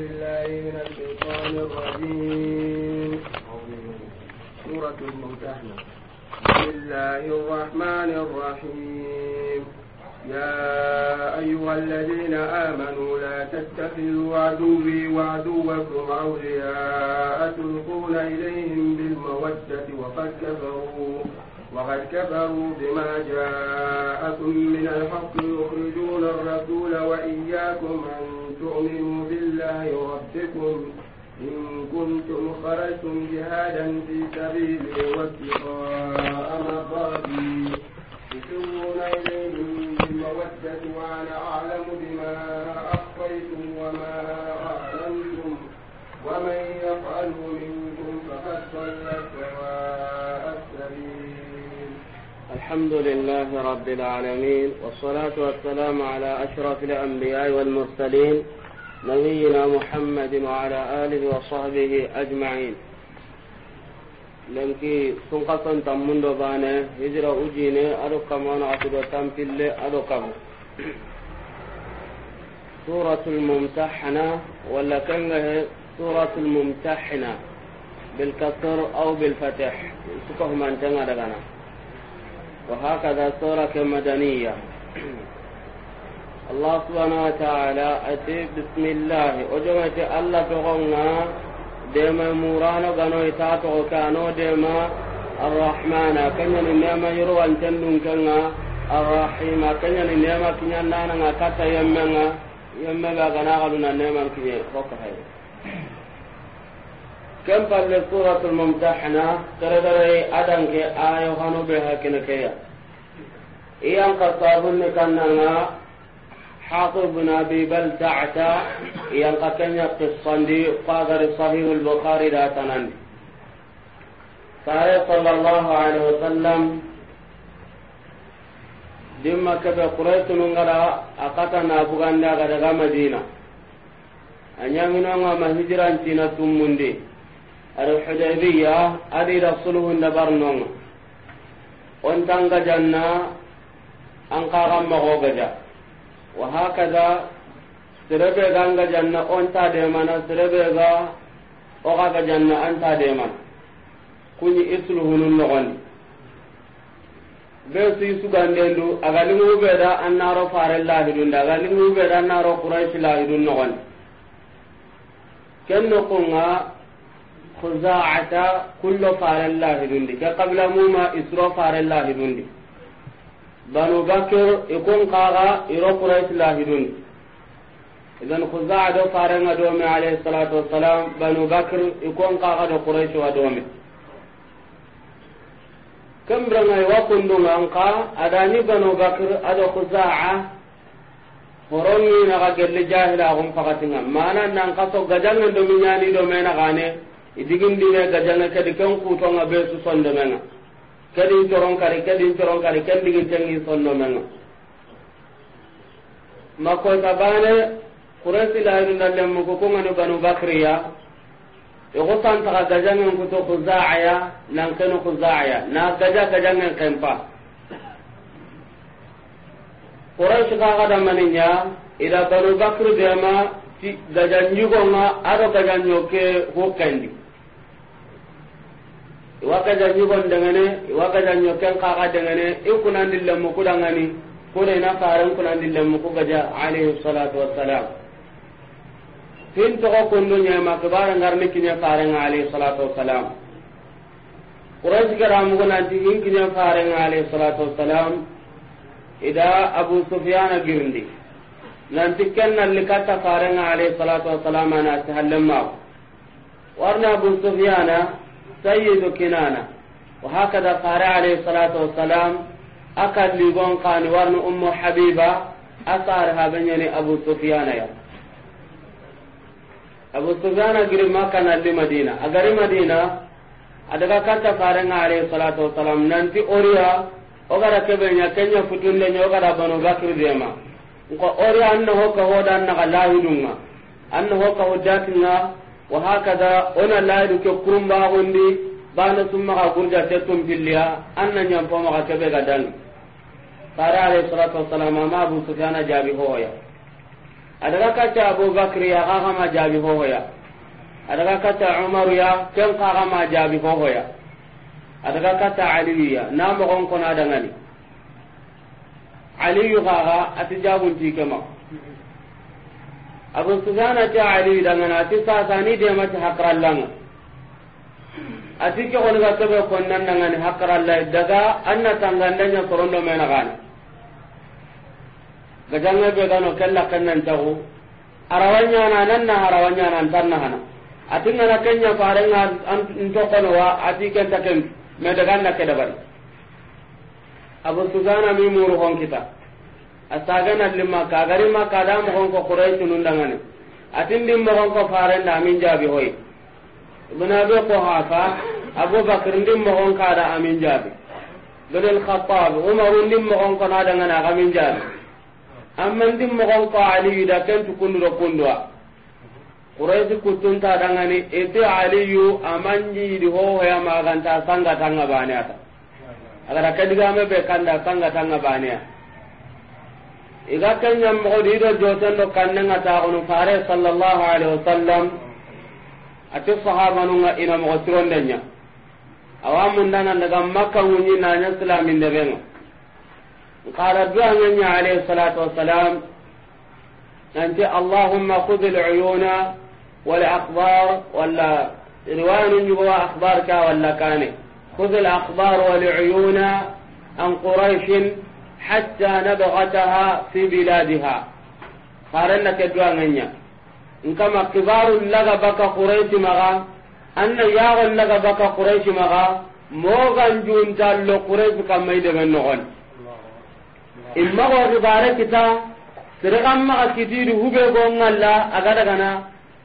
بالله من الشيطان الرجيم سورة الممتحنة بسم الله الرحمن الرحيم يا أيها الذين آمنوا لا تتخذوا عدوي وعدوكم أولياء تلقون إليهم بالمودة وقد كفروا وقد كفروا بما جاءكم من الحق يخرجون الرسول وإياكم أن تؤمنوا ربكم إن كنتم خرجتم جهادا في سبيلي وابتغاء مرضاتي تسرون إليهم بالمودة وأنا أعلم بما أخفيتم وما أعلنتم ومن يفعله منكم فقد ضل سواء السبيل. الحمد لله رب العالمين والصلاة والسلام على أشرف الأنبياء والمرسلين نبينا محمد وعلى آله وصحبه أجمعين لنكي سنقصا تم من هجرة أجينا أدوكم ونعطب تم في الله سورة الممتحنة ولا كان سورة الممتحنة بالكسر أو بالفتح سكهما انتنا لغنا وهكذا سورة مدنية الله سبحانه وتعالى أتي بسم الله أجمعت الله تغنى ديما مورانا غنو يتاتغ كانو ديما الرحمن كان ينما يروى الجنون كان الرحيم كان ينما كنيا نانا كتا يمما يمما غنا غلونا نيما كي فوقها كم قبل سورة الممتحنة تردري أدنك آيوهانو بها كنكيا إيان قصابون كان حافظ بن أبي بلتعة يلقى كنيا قصندي قاغر صحيح البخاري لا تنن صلى الله عليه وسلم dimma kebe quraytunu ngara akata na buganda ga daga madina anyangino nga mahijran tina tumundi ada hudaybiya adi da sulhun da barnon. on tanga janna an gaja wa hakaza serebe ga anga janna on ta de mana serebe ga o ga janna an ta de mana kunyi isluhunun nogondi be sui sugandendu aga lingu beda an naro fare lahidun aga lingu beda an naro quraish lahidun nogondi kenno kunga khuza'ata kullu banu bakr ikun kaga iro quraish lahidun idan khuza'a do faranga do me alayhi salatu wassalam banu bakr ikun kaga do quraish wa do me kambrangai wa kundunga anka adani banu bakr ado khuza'a horonni naga gelle jahila gum fakatinga mana nan kaso gajanga do minyani do me na gane idigindi ne gajanga kadi kan kutonga be su sonde menga kadi coron kari kadi coron kari kadi gi tangi sonno men mako ta bane quraysi la hinna lem ko ko ngani banu bakriya e ko tan ta gajangen ko to khuzaya nan kanu khuzaya na gaja gajangen kempa quraysi ka ga damaninya ila banu bakr be ma ti gajanyu ko ma aro gajanyo ke ho kandi iwa iwakaja ñigon dangane iwakaja ñoken kaka dangane i kunandi na kudangani kuna ina karen kunandi lemu kugaja alaihi salatu wassalam tin togo kundu ñema kibara ngarni kiña farenga alaihi salatu wassalam quraish garamugunanti in kiña farenga alaihi salatu wassalam ida abu sufyana girndi nanti kennalli katta farenga alaihi salatu wassalam anati hallemmaako warna abu sufyana سيد kinana وهكذا قال عليه الصلاة salatu أكد akan ligon ورن أم حبيبة habiba asar habenyani abu sufyana ya abu sufyana giri makka nalli madina agari madina adaga katta farenga alayhi salatu wassalam nanti oriya ogara keɓeña kenya futundeña ogara banu bakir dema nko ori anna hoka hoda annaga lahidunga anna hoka wa hakada ona laidu ke kurumba gondi bana summa ka kurja te tum pilliya anna nyam pa fama ka be ga dan Fara alayhi salatu wassalam ma abu sufyan jabi hoya adaga ka ta abu bakr ya ga ma jabi hoya adaga ka ta umar ya ken ka ma jabi hoya adaga ka ta ali ya na mo gon ko na dangani ali yu ga ati jabun ti abu sufyana ti ali dangana ati ni sasani demati langa ati ke ko ga kebe konnan dangani hakralla daga anna tangandanya korondo menagani gajanga be gano kella kannan tagu arawanya na nan na arawanya nan na hana ati ngana kenya farenga ntokono wa ati kenta kem me daga na ke kedabari abu sufyana mi muru hon kita asaganalli makka agari makka ada mogonko quraishunundangani atindin mogonko farenda amin jaabi hoy ibn abi quhafa abubakr ndin mogon ada amin jaabi bin alkhatab umaru ndin mogon ko nadangani agamin jaabi amma ndin mogon ko aliyu da kentu kunduro kunduwa quraishi kuttunta dangani iti aliyu amanjiidi hohoya maganta sangatanga baneata agara kadigame be kanda sangatanga baneya iga kanya mo di do joten do kanne ngata onu fare sallallahu alaihi wasallam ate sahaba nu nga ina mo tironde nya awamun dana daga makka wunyi na nya islamin de benga qala du'a nya alaihi salatu wasalam nanti allahumma khudh al-uyuna wal akhbar wala riwayan yuwa akhbar ka wala kane khudh al akhbar wal uyuna an quraish hatta nabghataha fi biladiha faranna ke duwa nganya nkama kibaru laga baka quraish maga anna yago laga baka quraish maga mogan junta lo quraish kamai de men nogon imma go ribare kita sirgam maga kitidi hube go daga na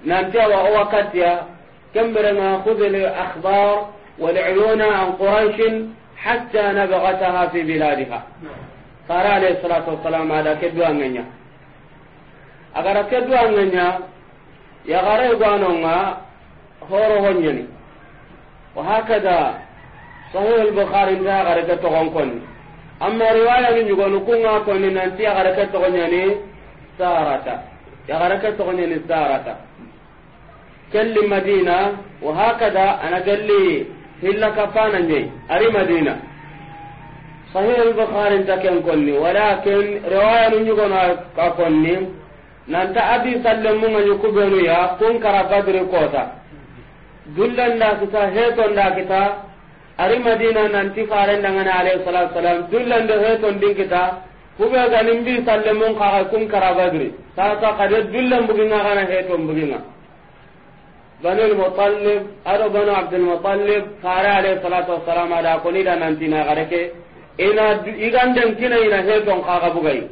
nanti awa o wakatiya kembere ma khudhil akhbar wal uyuna an fi fara alayhi salatu wassalam ada ke duwa ngenya agar ke duwa ngenya ya gare gwano nga horo honyeni wa hakada sahih al-bukhari nda gare ke to gonkon amma riwaya ni nyugonu kunga koni nanti ya gare ke to gonyani sarata ya gare ke to gonyani sarata kelli madina wa hakada ana galli hilla kafana nye ari madina sahih al-bukhari ta ken konni walakin riwaya nu nyugo na ka nan ta abi mun nyu ku benu ya kun kota dullan da kita he da ari madina nan ti faran da ngana alayhi salatu dullan da he ton din kita ku mun ka kun kara ta ta kare dullan bugin na he ton bugin na bani al-muttalib aro bani abdul muttalib faran alayhi salatu wasalam ada kunida nan ti na gareke ina iganden kina ina heton kaga bugai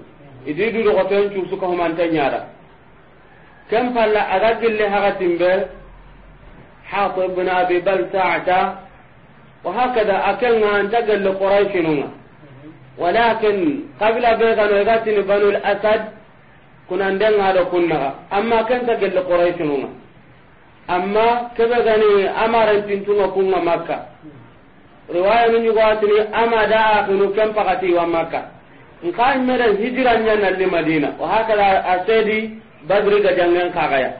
idi du ko ton chu su ko man tanyara kam falla aga le haga timbe hatib ibn abi balta'ata wa hakada akalna an le quraish nun walakin qabla bayga no ni banu al-asad kunan den ngado kunna amma kan tagal quraish nun amma kaza gani amaran tintunga kunna makkah riwaya nu ñugoatini amada axinu ken pakati wa makka nka meden hijira ñanalli madina wa hakada a seedi badri gajangen kaxaya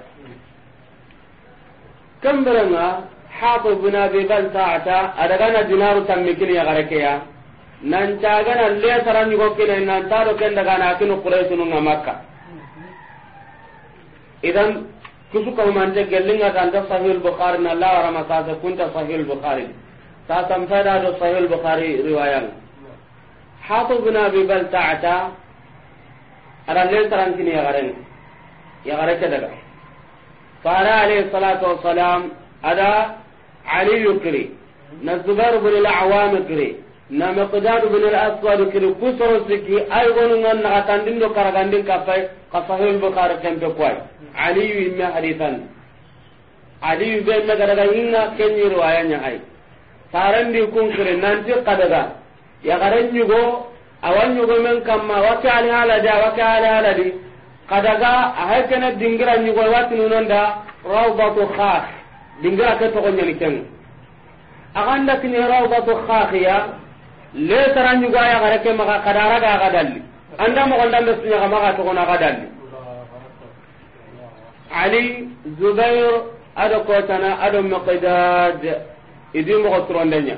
kemberenga hato bin abi daga adagana dinaru tammikini yagarekeya nancagana le sara ñugo kine nantaɗo ken dagana akini quraisununga makka idan kusukahumante gellingata anta sahih lbukhari na lawarama sasa kunta sahih lbukhari ta tampeda do sahih al-bukhari riwayan hatu bin abi balta'ata ara len tarantini ya garen ya gare ke daga fara alayhi salatu salam ada ali yukri na zubair bin al-awam yukri na maqdad bin al-aswad yukri kusoro siki ay gonu ngon na katandin do karagandin kafai ka ka sahih al-bukhari tempe kwai ali yimma hadithan ali yimma garaga inna kenyi riwayanya hay farandi kun kire nanti kadaga ya garan nyugo awan nyugo men kamma wa ka ali hala da wa ka ali hala di kadaga a hakana dingira nyugo wati nunonda rawdatu khas dingira ke to nyani ken aganda kini rawdatu khakhiya le taran nyugo ya garake maka kadara ga gadalli anda mo gonda be sunya ga maka to gona gadalli ali zubair ado kotana ado miqdad idi mogo turonde nya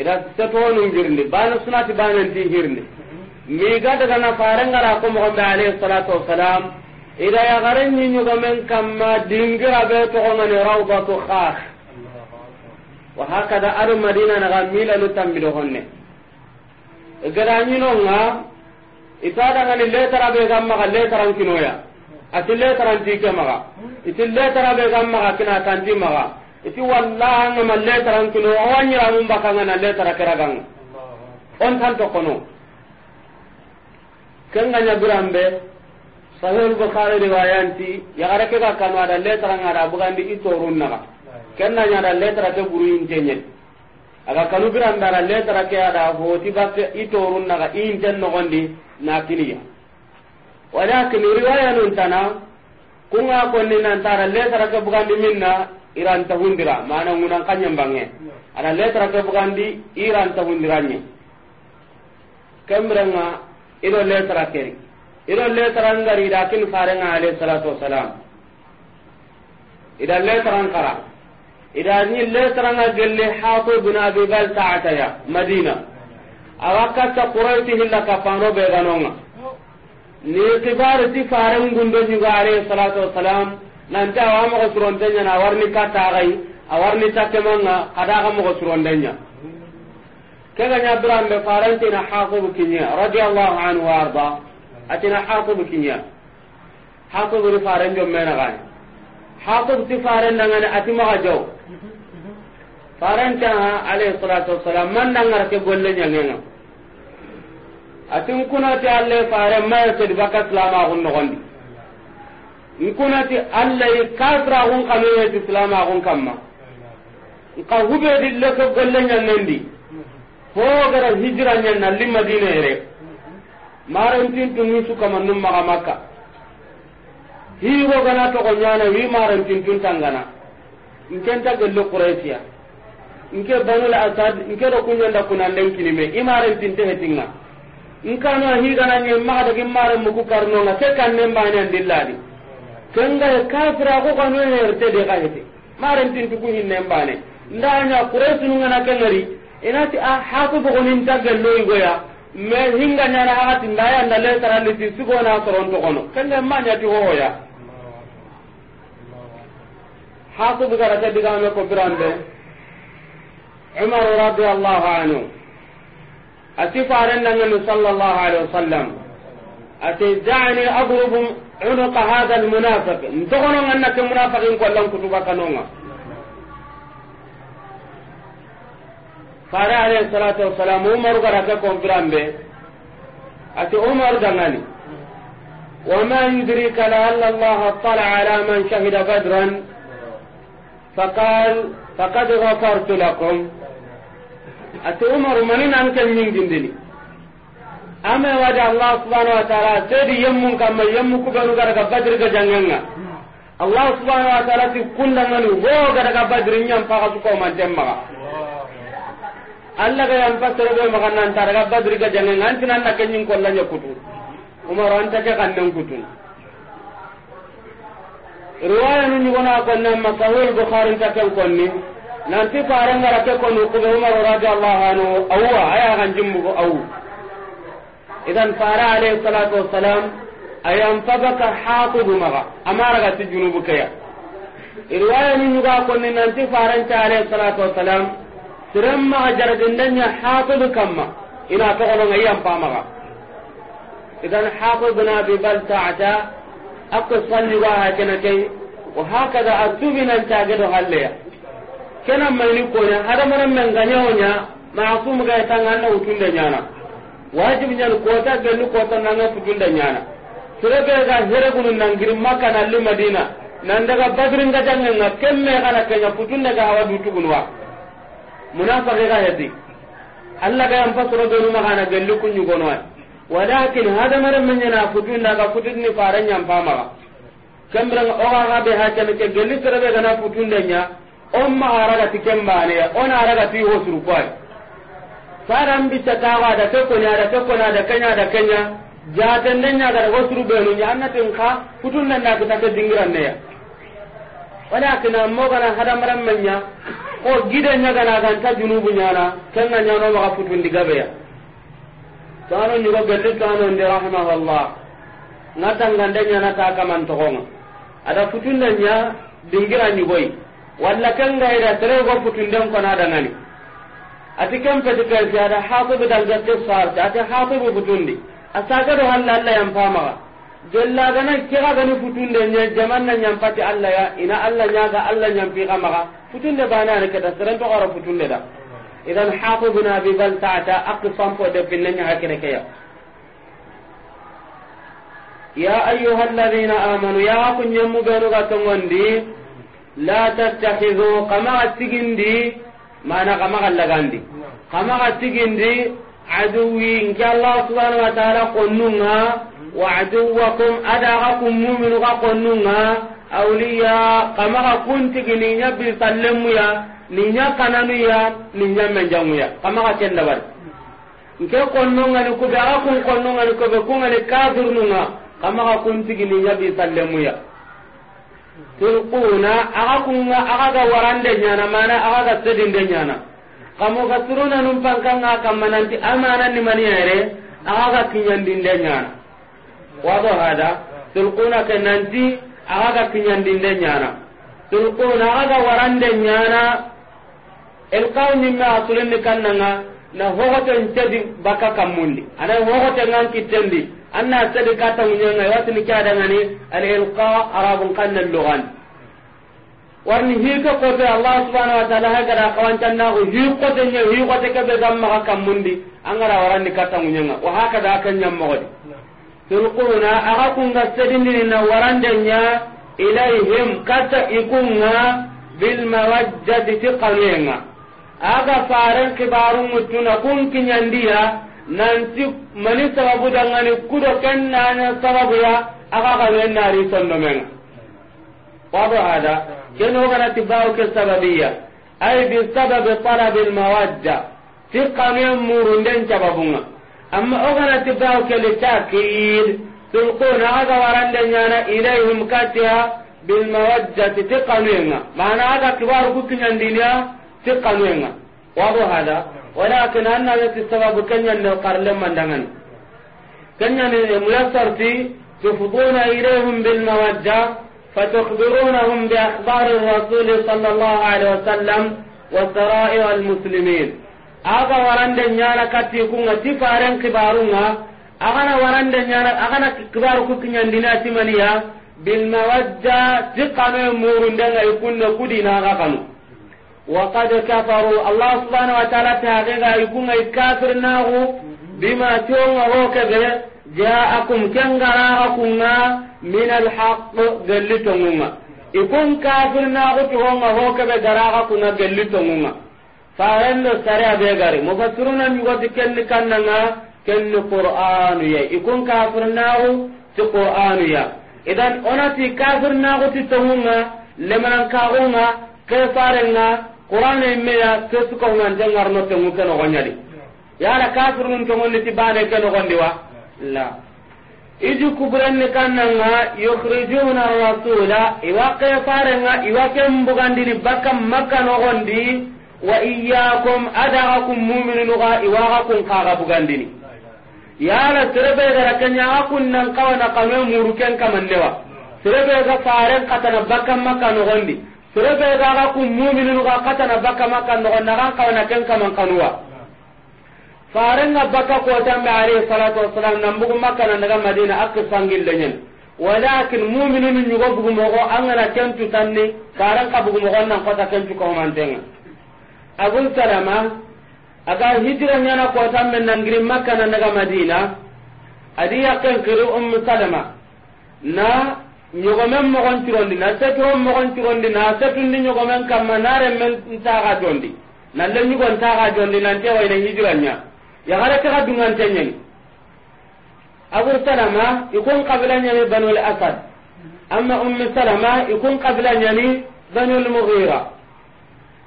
ida setonu ngirndi bana sunati bananti hirndi mi ga daga na farengara ko mɔgɔ mogonɓe alayhi salatu wa wasalam ida yagaren ñiñugomen kamma dingira ɓe togongani rawdatu khah wa haka da aɗo madina mila naga milanu tambido honne gadañinonga ita dangani letara ɓe gam maga letaran ya ati letaranti ke maga iti letara ɓe gam maga kina tanti maga iti wallahi ma letara kino awanyira mun bakanga na letara keragang on tan to kono kenga nya birambe sahih bukhari riwayanti ya gara ke ka kanu ada letara ngara bugandi itorun naga kenna nya da letara ke buru intenye aga kanu birambe ada letara ke ada hoti bakke itorun naga inten no gondi na kiniya walakin riwayanun tana kunga konni nan tara letara ke bugandi minna iran ta hundira mana ngunan kanyam bange ada letra ke bugandi iran ta hundiranye kemrenga ido letra keri ido letra ngari da kin farenga alayhi salatu wassalam ida letra ngara ida ni letra nga gelle hafu ibn abi balta ataya madina awaka ta quraiti hilla ka pano be ganonga ni kibar ti farengundo ni alayhi salatu wassalam nanta awa mogo surontenya na awarni kattaxay awarni takkemanga kadaxa mogo surondenya kega ñabiranɓe farantina hakubu kiñea radiallahu anhu wa arda atina hakubu kiñea hakuburi faren jommenaxani hakub ti farendangani ati maxa jaw farantaha alayhi salatu wasalam man dangara ke golle ñangenga atin kunati alle fare mayasedi bakka silamaxun noxondi nkunati allahi kafira kun kanuye silama kun kamma nka hubedi leke golle ñannendi hogara hijira ñanna li madina yere marantintunni sukama num maga makka gana togo ñana wi marantintun tangana nkenta golle quraysiya nke banul asad nke do kuñanda kunanden kinime imarantinte hetinga nkanoa higananye maga dagi mare muku karnonga ke kannen mbanandilladi kenga kafira ko kanu herte de gaete maren tin tuku hinne mbane ndanya kuresu na kengari inati a haku bo onin tagallo igoya me hinga nyana hati ndaya ndale tarali ti sugo na soron to kono kenga manya ti hoya haku bu gara tadi ga ko birande umar radiyallahu anhu ati faran nan sallallahu alaihi wasallam ate da'ani abrubum unuqa hadha almunafiq ndogono nganna ke munafiqin ko lan kutuba kanonga fara alayhi salatu wassalam umar gara ka konfirambe ate umar dangani وما يدريك لعل الله اطلع على من شهد بدرا فقال فقد غفرت لكم أتي عمر من أنت من جندني ame wadi allah subhanahu wa ta'ala sedi yemmun kamma yemmu kubenu gara ga badri ga janganga allah subhanahu wa ta'ala ti kundangani ho gara ga badri nyam pa su ko man temma allah ga yam pasoro go makan nan tar ga badri ga janganga antin na kenyin ko lanya kutu umar anta ke kan nan kutu riwaya nu ni na ko nan masahul bukhari ta kan konni nanti paranga ra ke konu ko umar radhiyallahu anhu awwa aya kan jimbu ko awwa idan fara alayhi salatu wassalam ayan fabaka haqidu maga amara ga ti junubu kaya irwaya ni nuga konni nanti faran ta alayhi salatu wassalam siram ma jaradin danya haqidu kamma ina to gono ngayan pamaga idan na bi bal ta'ata akka salli wa hakana kai wa hakada nan ta gado halleya kenan mai ni ko ne hada maran men ganyaonya ma'asum ga tangana utunde nyana wajib nyal kota gelu kota nanga sujunda nyana sirabe ga heregunu nangiri makka na lu madina nan daga badrin nga jangen na kemme kana kenya putunda ga hawa dutugunwa munafiqe ga yadi allah ga yam fasro gelu ma kana gelu kunyu gonwa walakin hada maram men yana putunda ga putudni faran yam pama kembra o ga ga be ha kene ke gelu sirabe ga na putunda nya on ma araga tikemba ne on araga ti hosuru kwai faran bisa tawa da ke konya da ke konya da kanya da kanya ja den nya ga wasru benu nya anna tin kha futun nan na kita dingiran ne ya walakin amma gana maran manya ko gidan nya gana kan ta junubu nya na kan nya no ma futun diga be ya tano ni ga galle tano ndi rahimahullah ngatan ganda nya na ta kaman to gonga ada futun nan ya dingiran ni boy walla kan ga ira tere go futun den kona da nani. ati kam pete bi ada hatibu dalgatte ta ati hatibu futundi do halla allah yampamaga gellagana kegagani futunde ñe jamanna ñampati allah ya ina allah ñaga allah ñampiga maga futunde banani keta serentogara futunde da idan hatibuna bi bal tata aki sampo deppinne ñaga kene keya ya ayuha alladina amanu ya ku ñemmu ga tongondi la tattahidu kamaga tigindi mana kama kallagandi kama ka tigindi aduwi nki allah subhanahu wa ta'ala qonnunga wa aduwakum adaga kum mu'minu ka qonnunga awliya kama ka kuntigini nya bil sallemuya ninya kananuya ninya menjanguya kama ka kenda bari nke qonnunga ni kudaga kun qonnunga ni ko be kunga ni kafir kafirnunga kama ka kuntigini nya bil sallemuya tulquna aga kunga aga ga warande nyana mana aga ga sedinde nyana kamo ga turuna num pankanga kamananti amana ni maniere aga ga kinyandinde nyana wado hada tulquna kenanti aga ga kinyandinde nyana tulquna aga ga warande nyana elqawni ma asulinni kannanga na hohoten cedi baka kammundi ana hohoten an kittendi anna sedi kata munyanga watini kadangani al ilqa arabun kanna lugan warni hika kote allah subhanahu wa ta'ala hagara kawantanna ko hi kote nya hi kote ke be gamma kammundi angara warani kata munyanga wa hakada kanya mogodi turquna aga kunga sedindini na warandenya ilayhim kata ikunga bil mawajjati tiqanenga aga faren kibaru mutuna kun kinyandiya nanti mani sababu dangani kudo ken nana sababu ya aga ga men nari sonno men wado hada ken o gana tibaru ke sababiya ay bi sabab talab al mawadda fi qanu murunden sababunga amma o gana tibaru ke le takid tulquna aga warande nyana ilaihim katiya bil mawaddati tiqanuenga mana aga kibaru kukinyandiniya tiqanuenga wado hada walakin annagati sababu kenyande karlemandangani kenyane mulasarti tufduna ilayhim bilmawadda فتخبرونهم بأخبار الرسول صلى الله عليه وسلم وسرائر المسلمين aga warande nyana kati kunga ti faren kibarunga agana warande nyana agana kibaru ku kinyandina timaniya bil mawadda ti kanu murundenga ikunna kudina aga kanu وقد كفروا الله سبحانه وتعالى تاغيغا يكون الكافر ناغو بما تيوم روكبه جاءكم كنغراكم من الحق قلتموما يكون كافر ناغو تيوم روكبه غراكم قلتموما farendo sarea be gari mufassiruna ñugoti kenni kannanga kenni qur'anu ye ikun kafir naxu ti qur'anu ya idan onati kafir naxu ti tongunga lemanankaxunga ke farenga qur'ana immeya ke sukohunante ngarno tengu ke ya la kafir nun ti bane ke gondi wa la iji na kannanga yukhrijuna rasula iwa ke farenga iwa ke mbugandini bakam makka gondi wa iyakum adagakum muminunuga kun kaga ya la serebe gara akun nan kawana kame muruken kamannewa serebe ga faren katana bakam makka gondi serebe gaga ku mu'minun ga katana baka maka no na kan na ken kaman kanwa farenga baka ko tambe alayhi salatu wassalam nan bugu maka na daga madina akku sangil lenyen walakin ni nyugo bugu mo go angana kentu tanni faran ka bugu mo go nan kota kentu ko mantenga abun salama aga hijira nyana ko tambe nan girin maka na daga madina adi yakkan kiru ummu salama na ñogomen mogon curondi na seturon mogon curondi na setundi ñogomen kamma naremmen ntaga jondi nalle ñugon taga jondi nante wayna hijiranya yagara kega dungante ñeng abu salama ikun kabila ñani banul asad amma ummi salama ikun kabila ñani banul mughira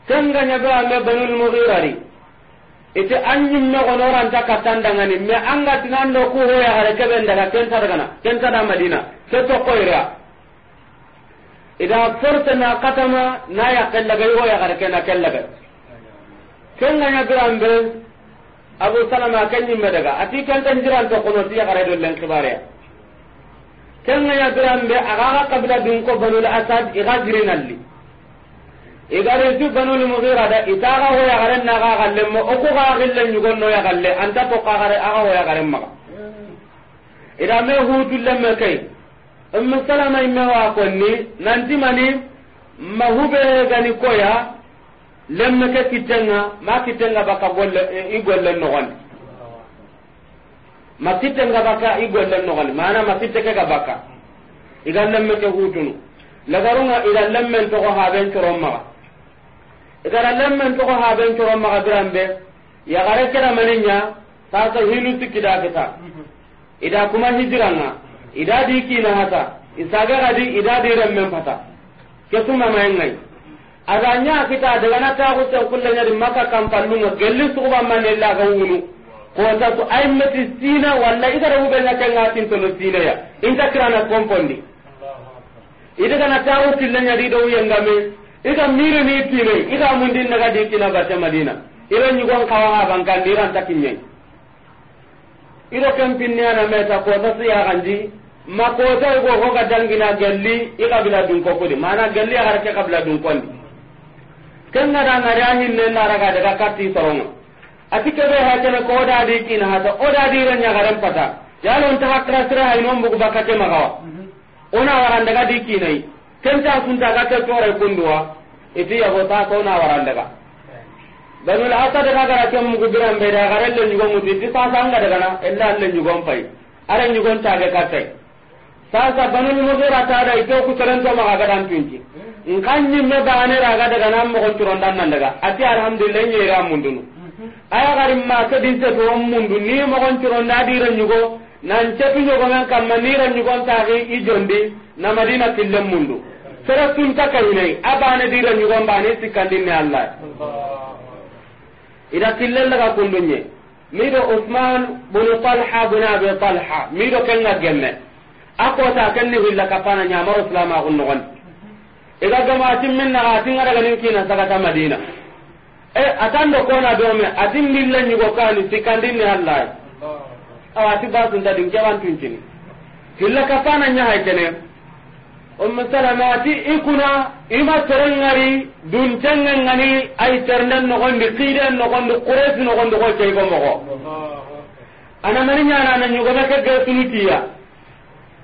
kenga ñabe ame banul mughira ri ite an ñimme gonoranta kattandangani me an ga tingando ku hoyahare keɓen daga ken sadagana ken sada madina ke tokkoyrea ida force na katama na ya yakkellagay hoyahare kena kellagay kengaña biranɓe abu salama ken ñimme daga ati kenten jiran tokkono ti ya yahare do len kibareya kengaña biranɓe agaga kabila dun ko banul asad iga jirinalli igari ti banul mughira da itaga ho ya garen na ga galle mo o ko ga galle nyugo no ya galle anta to ka gare aga ho ya garen maka ida me hutu lemme kai um salama imme wa konni nanti mani mahube gani koya lemme ke kitenga ma kitenga baka golle i golle no gon ma kitenga baka i golle no gon mana ma kiteke ga baka idan lemme ke hutunu lagarunga idan lemme to ko haben coron maka igara lemmen togo haben coro maga biranbe yagare keda manenya sasa hinu sikkida kita mm-hmm. ida kuma hijiranga ida di kina hata isaga gadi ida di remmen pata kesuma mayengai ada nya kita daga na ta ko tan kullanya di maka kam pallunga gelli suba manne ga wunu ko ta to ay meti sina walla ida rabu be na kan ngatin to sina ya inta kirana kompondi ida kana ta ko tilanya di do yangame ida miri ni tire ida mun din daga dikina bata madina ida kawa diran takinye ana meta ko ta siya ganji ma ko ta go ko ga dangina galli ida bila dun ko ko di mana galli har ke kabla dun ko kan na da ngara ne na raga daga katti ati ke be ha ko da ha ta o da garan pata hakra sira mhm. ona waran daga kenta sunta ga ke tore kunduwa iti yabo ta ko na warandaga banu la asa daga gara ke mu gubiran be daga relle nyugo mu ti sa sa nga daga na ella alle nyugo mpai are nyugo ta ga ka tai sa sa banu mu gura ta da ito ku taran to ma ga dan tunji in kan nyi me ba ne daga daga nan mu gon turon dan nan daga ati alhamdulillah nyi ra mun dunu aya garin ma ka din se to mun dunu ni mo gon turon da di ran nyugo nan ce tu nyugo nan kam ma ni ran nyugo ta ga i jondi na madina tillam mundu sera sunta kahinai abane dira ñugon bane sikkandinne allah ida killellaga kundunye miɗo usman bunu talha bunu abi talha miɗo kenga gemme a kota kenni hilla kappana ñamaro silamagun nogon iga gama timmin naga atingaraganin kina sagata madina e do kona do dome atin milla ñugo kani sikkandinne allah awati basunta din kewantuncini hilla kappana ñahay kene ummu salama ti ikuna ima terengari duncenga ngani ay ternden nogondi kiiden nogondi kuresi nogondi ko ceygo mogo anamani ñanana ñugome ke gesunutiya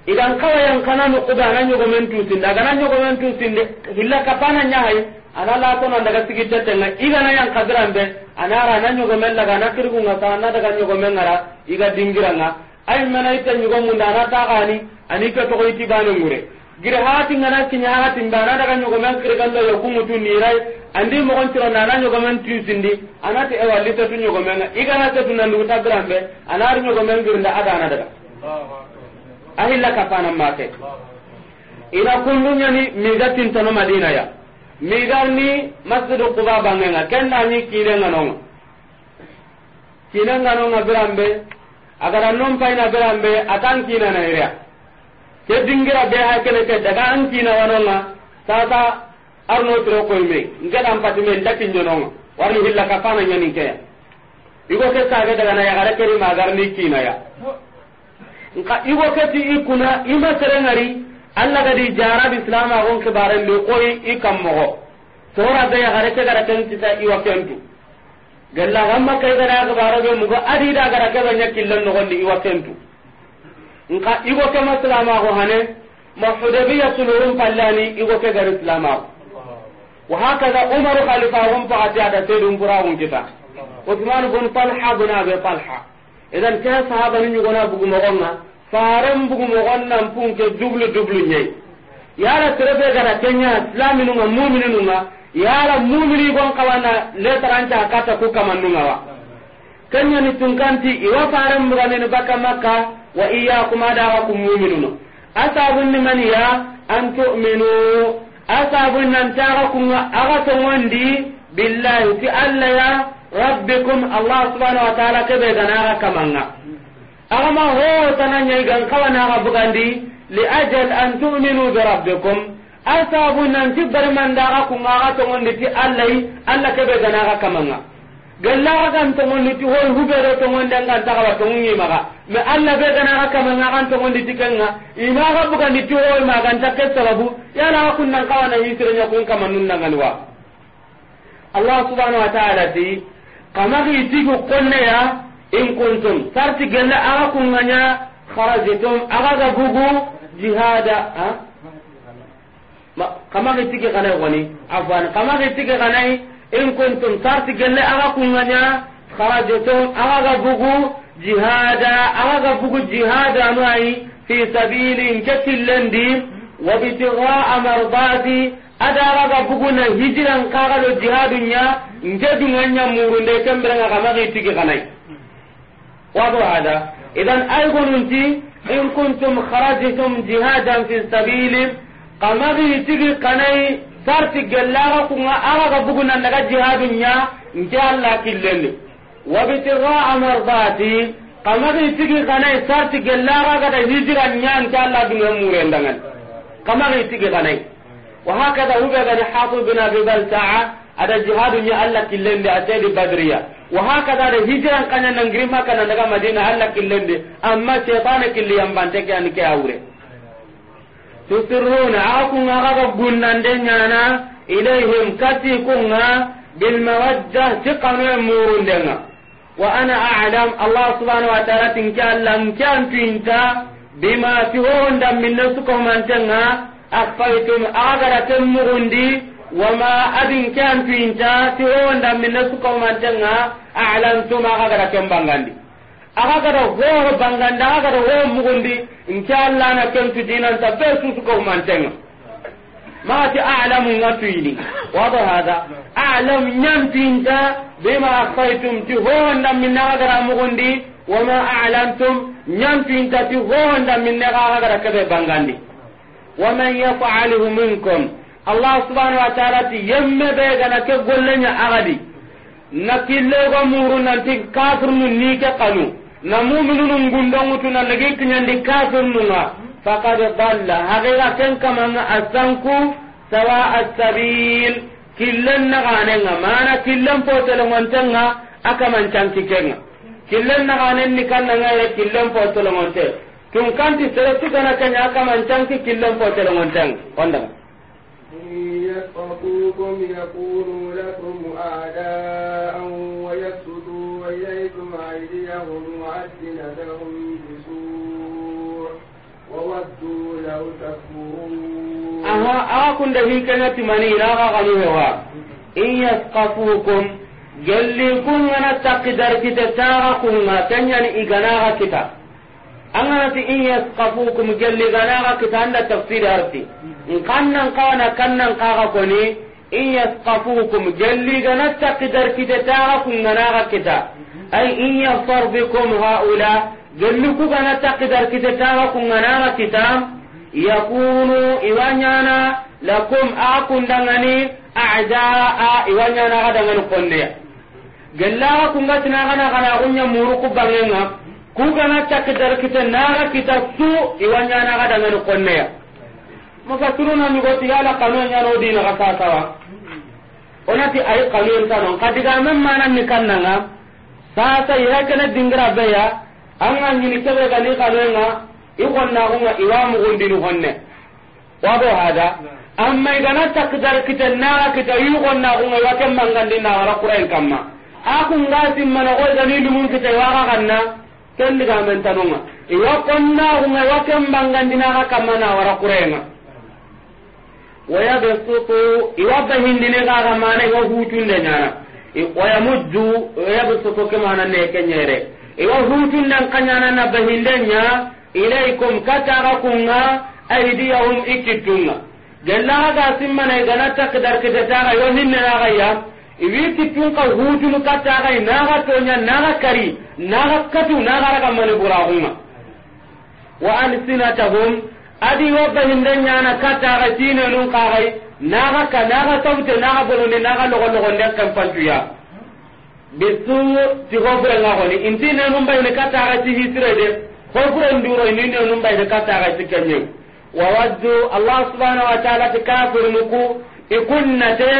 idan kawayan kana nukuɓe ana ñogomen tusinde agana ñogomen tusinde hilla kapana ñahay ana latono daga sigittetenga igana yankabiranɓe anara ana ñogomen laga ana kirgunga sa ana daga ñogomen ngara iga dingiranga ay mena itte ñugomunda ana taxani ani ke togo iti banengure gira hati ngana kinya hati ndana daga nyogo men kirgalla yo gumu tun ni rai andi mo gon tiro nana nyogo men tin sindi anati e walita tun nyogo men igana ta tun ndu ta grambe anar nyogo men girinda ada ana daga ahilla ka pana mate ina kundunya ni migatin tono madina ya migarni masjidu quba bangenga kenna ni kire ngano kine ngano ngabirambe agara non paina birambe atan kina na area ke dingira be ha kene ke daga an kina wanonga sasa arno tro koy me ngada ampati me ndati nyono warni hilla ka pana nyani ke igo ke sage daga na yagare ke ma gar ni kina ya nka igo ke ti ikuna ima serengari alla ga di jara bi islama gon ke baran le koy ikam mo tora da yagare ke gara ken tita iwa kendu galla gamma kay gara ga baro be mugo adi da gara ke banya killan no gondi iwa kendu nka igo ke ma silama ko hane ma hudabiya sulurun pallani igo ke gari ko wa haka da umar khalifa hum fa ati ada te atada bura burawun kita usman bin talha bin abi talha idan ke sahaba ni nyugona bugu mo gonna faram bugu mo gonna mpun ke dublu dublu nyai la terebe gara kenya islaminu ma mu'mininu ma la mu'mini gon kawana le taranta kata ku kamannunga wa ni tunkanti iwa faran muganini baka makka wa iya iyakum adawa kum mu'minuna man ya an tu'minu asabun nan taga kun aga tongondi billahi fi alla ya rabbikum allah subhanahu wa ta'ala kebe ka kamanga aga ma ho tananya igan na aga bugandi li ajal an tu'minu bi rabbikum asabun nan tibbar man daga kun aga tongondi ti allah allah kebe ganaga kamanga galla kan to ngondi ti hol hubere to ngondi anga ka to ngi maka. me alla be kana ka man ngan to ngondi ti kenga ima ka buka ni ti hol ma ta ke sababu ya na ku nan kawana hisire nya kun kama nun nan wa allah subhanahu wa ta'ala ti kama ki ti ku konne ya in kuntum sarti galla aga kun nganya kharajtum aga ga bugu jihada ha kama ki ti ke kana wani afwan kama ki ti ke kana in kuntum sarti gelle aga kunganya kharajatum aga ga bugu jihada aga ga bugu jihada no fi sabili katillendi wa bitiraa mardati ada aga bugu na hijran kaga do jihadunya ngedu nganya murunde kembere ga kama ga itigi kanai wa do hada idan ay gonunti in kuntum kharajtum jihadan fi sabili kama ga itigi kanai sarti gellara kunga aga ga buguna daga jihadun nya nke Allah killende wa tira amardati kama ki tigi kanai sarti gellara ga da hijira nya nke Allah dunga murendangan kama ki tigi kanai wa hakada hube ga hatu bin abi balta'a ada jihadun nya Allah killende atedi badriya wa hakada da hijiran kanya nan girma kana daga madina Allah killende amma shaytan killi yambante ke an ke aure tusirruna akunga kaga gunnande ñana ilayhim kati kunga bilmawajja ti kanue murundenga wa ana alam allah subhanahu wa taala tinke allah nke tinta bima ti hohondamminne sukohumantenga akfaitum agagara ken mugundi wama su antuinta ti hohondamminne sukohumantenga alantum agagara ken bangandi aga gada hoho banganda aga gada hoho mugundi nke allah na kentu ta be susu ko mantenga maati alamu nga tuyini wado hada alam nyampinta bima akhfaytum ti hohonda minna aga gada mugundi wama alantum nyampinta ti hohonda minna aga gada kebe bangandi waman yafaaluhu minkum allah subhanahu wa taala ti yemme be gana ke gollenya agadi na killego muru nanti kafirnu ni ke kanu na mu'minun gundongutu na lagi kinyandi kafir nunga faqad dalla haqiqa ken kamanga asanku sawa as-sabil killen na ganenga mana killen potele ngontenga akaman canki kenga killen na ganen ni nga ya killen potele ngonte tun kan kanti sere sugana kenya akaman canki killen potele ngonteng onda يقولوا لكم أعداء ويسرون ألقيتم أيديهم وألسنتهم بسوء وودوا لو تكفرون أها أكن دهين كانت مني لا غنوها إن يثقفوكم gelli kungana taqidar kita tara kunga tanyan iganaga in yaskafukum gelli ganaga kita anda tafsir arti kannan kaga koni in yaskafukum gelli gana taqidar kita ay in yafar bikum haula gelli ku gana takidar kite tawa ku ngana kita yakunu iwanyana lakum akundangani a'daa iwanyana kadangani kondeya gellaga kungatina kana kana kunya muru ku bangenga ku gana takidar kite naga kita su iwanyana kadangani ya mufassiruna nyugoti yala kanu nyano dina kasasawa onati ay kanu tanon kadiga men manan ni kannanga sasa ira kene dingira beya anga nyini kebe gani kanenga ikonna kunga iwamu gundini honne wabo hada amma igana takdar kita nara kita yukonna kunga wake mangandi na wara kurain kamma aku ngasi mana ko gani lumun kita waka kanna kendi gamen tanunga iwa konna kunga wake mangandi na kamma na wara kurainga wayabsutu iwa bahindine kaga mana nyana wayamuddu yabsutu kemananne kenyere iwa hutundan kanyanana bahindenya ilaykum katara kunga aidiyahum ikittunga gellaga simmana gana takdar kitataga yo hinnenagaya iwi kittunka naa ka naga naa ka kari naga katu raga ragamane buragunga wa alsinatahum adi wabba hinden nyana kata ga tine nun kagai naga ka na na naga tabte ne na naga logo logo nden kan pantuya bisu ti hofre nga honi intine nun bayne kata ga ti hisre de hofre nduro inine nun bayne kata ga ti kenye wa waddu allah subhanahu wa ta'ala ti kafir nuku ikunnate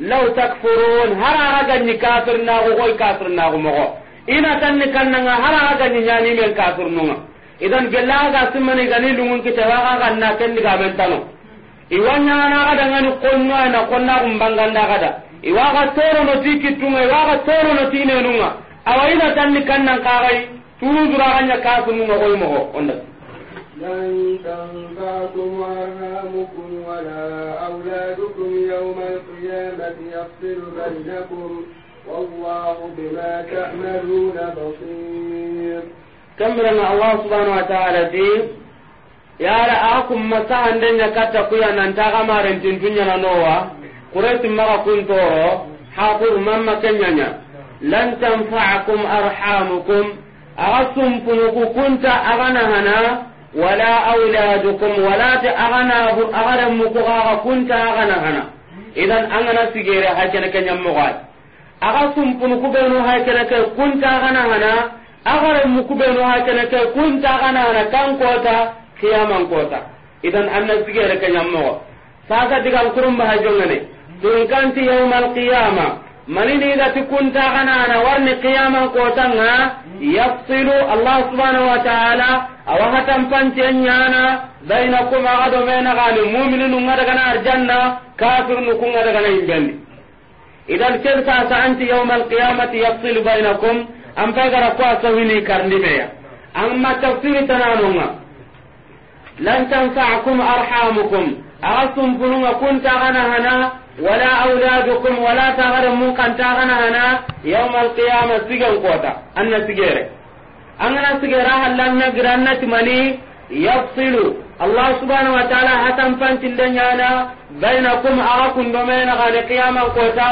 law takfurun harara ganni kafir na go kafir na go mogo ina tan ni kannanga harara ganni nyani men kafir nunga idan gella ga simmani gani lungun kita wa ga na ken diga men tano iwanya na ga danga ni konna na konna kumbanga nda ga da iwa ga toro no tikitunga iwa ga toro no tinenunga awaina tanni kannan ka ga tuzura ganya ka kunu no koy mo onda والله بما تعملون بصير kambiranga allah subhanahu wa taala ti yara a kumma sahandenya katta kuya nantagamarentintunyananowa kuretimmaga kuntoro hakuru mamma kenyanya lan tanfaakum arhamukum aga sumpunuku kunta aganahana wala auladukum walati aganahu aga kunta aganahana idan angana sigere hakeneke nyammogoay aga sumpunuku benu hakeneke kunta aganahana agare mukubenu hakene ke kunta kana na kan kota kiyaman kota idan anna sigere ka nyammo sasa diga kurum ba jongane dun kanti yawmal qiyama manini ga kunta kana na warni qiyaman kota nga yafsilu allah subhanahu wa ta'ala awahatan pancen nyana bainakum agado mena gani mu'minun ngada kana arjanna kafirun kun ngada kana imbandi idan ken sasa anti yawmal qiyamati yafsilu bainakum an pa gara ko asawini karndi meya amma tafsiri tananonga lan tanfa'akum arhamukum agasum pununga kun tagana hana wala auladukum wala tagara mun kan tagana hana yawma alqiyama sigan kota an anna sigere angana sigera hallanna giranna timani yafsilu allah subhanahu wa ta'ala hatan pantin danyana bainakum agakum domena gane qiyama kota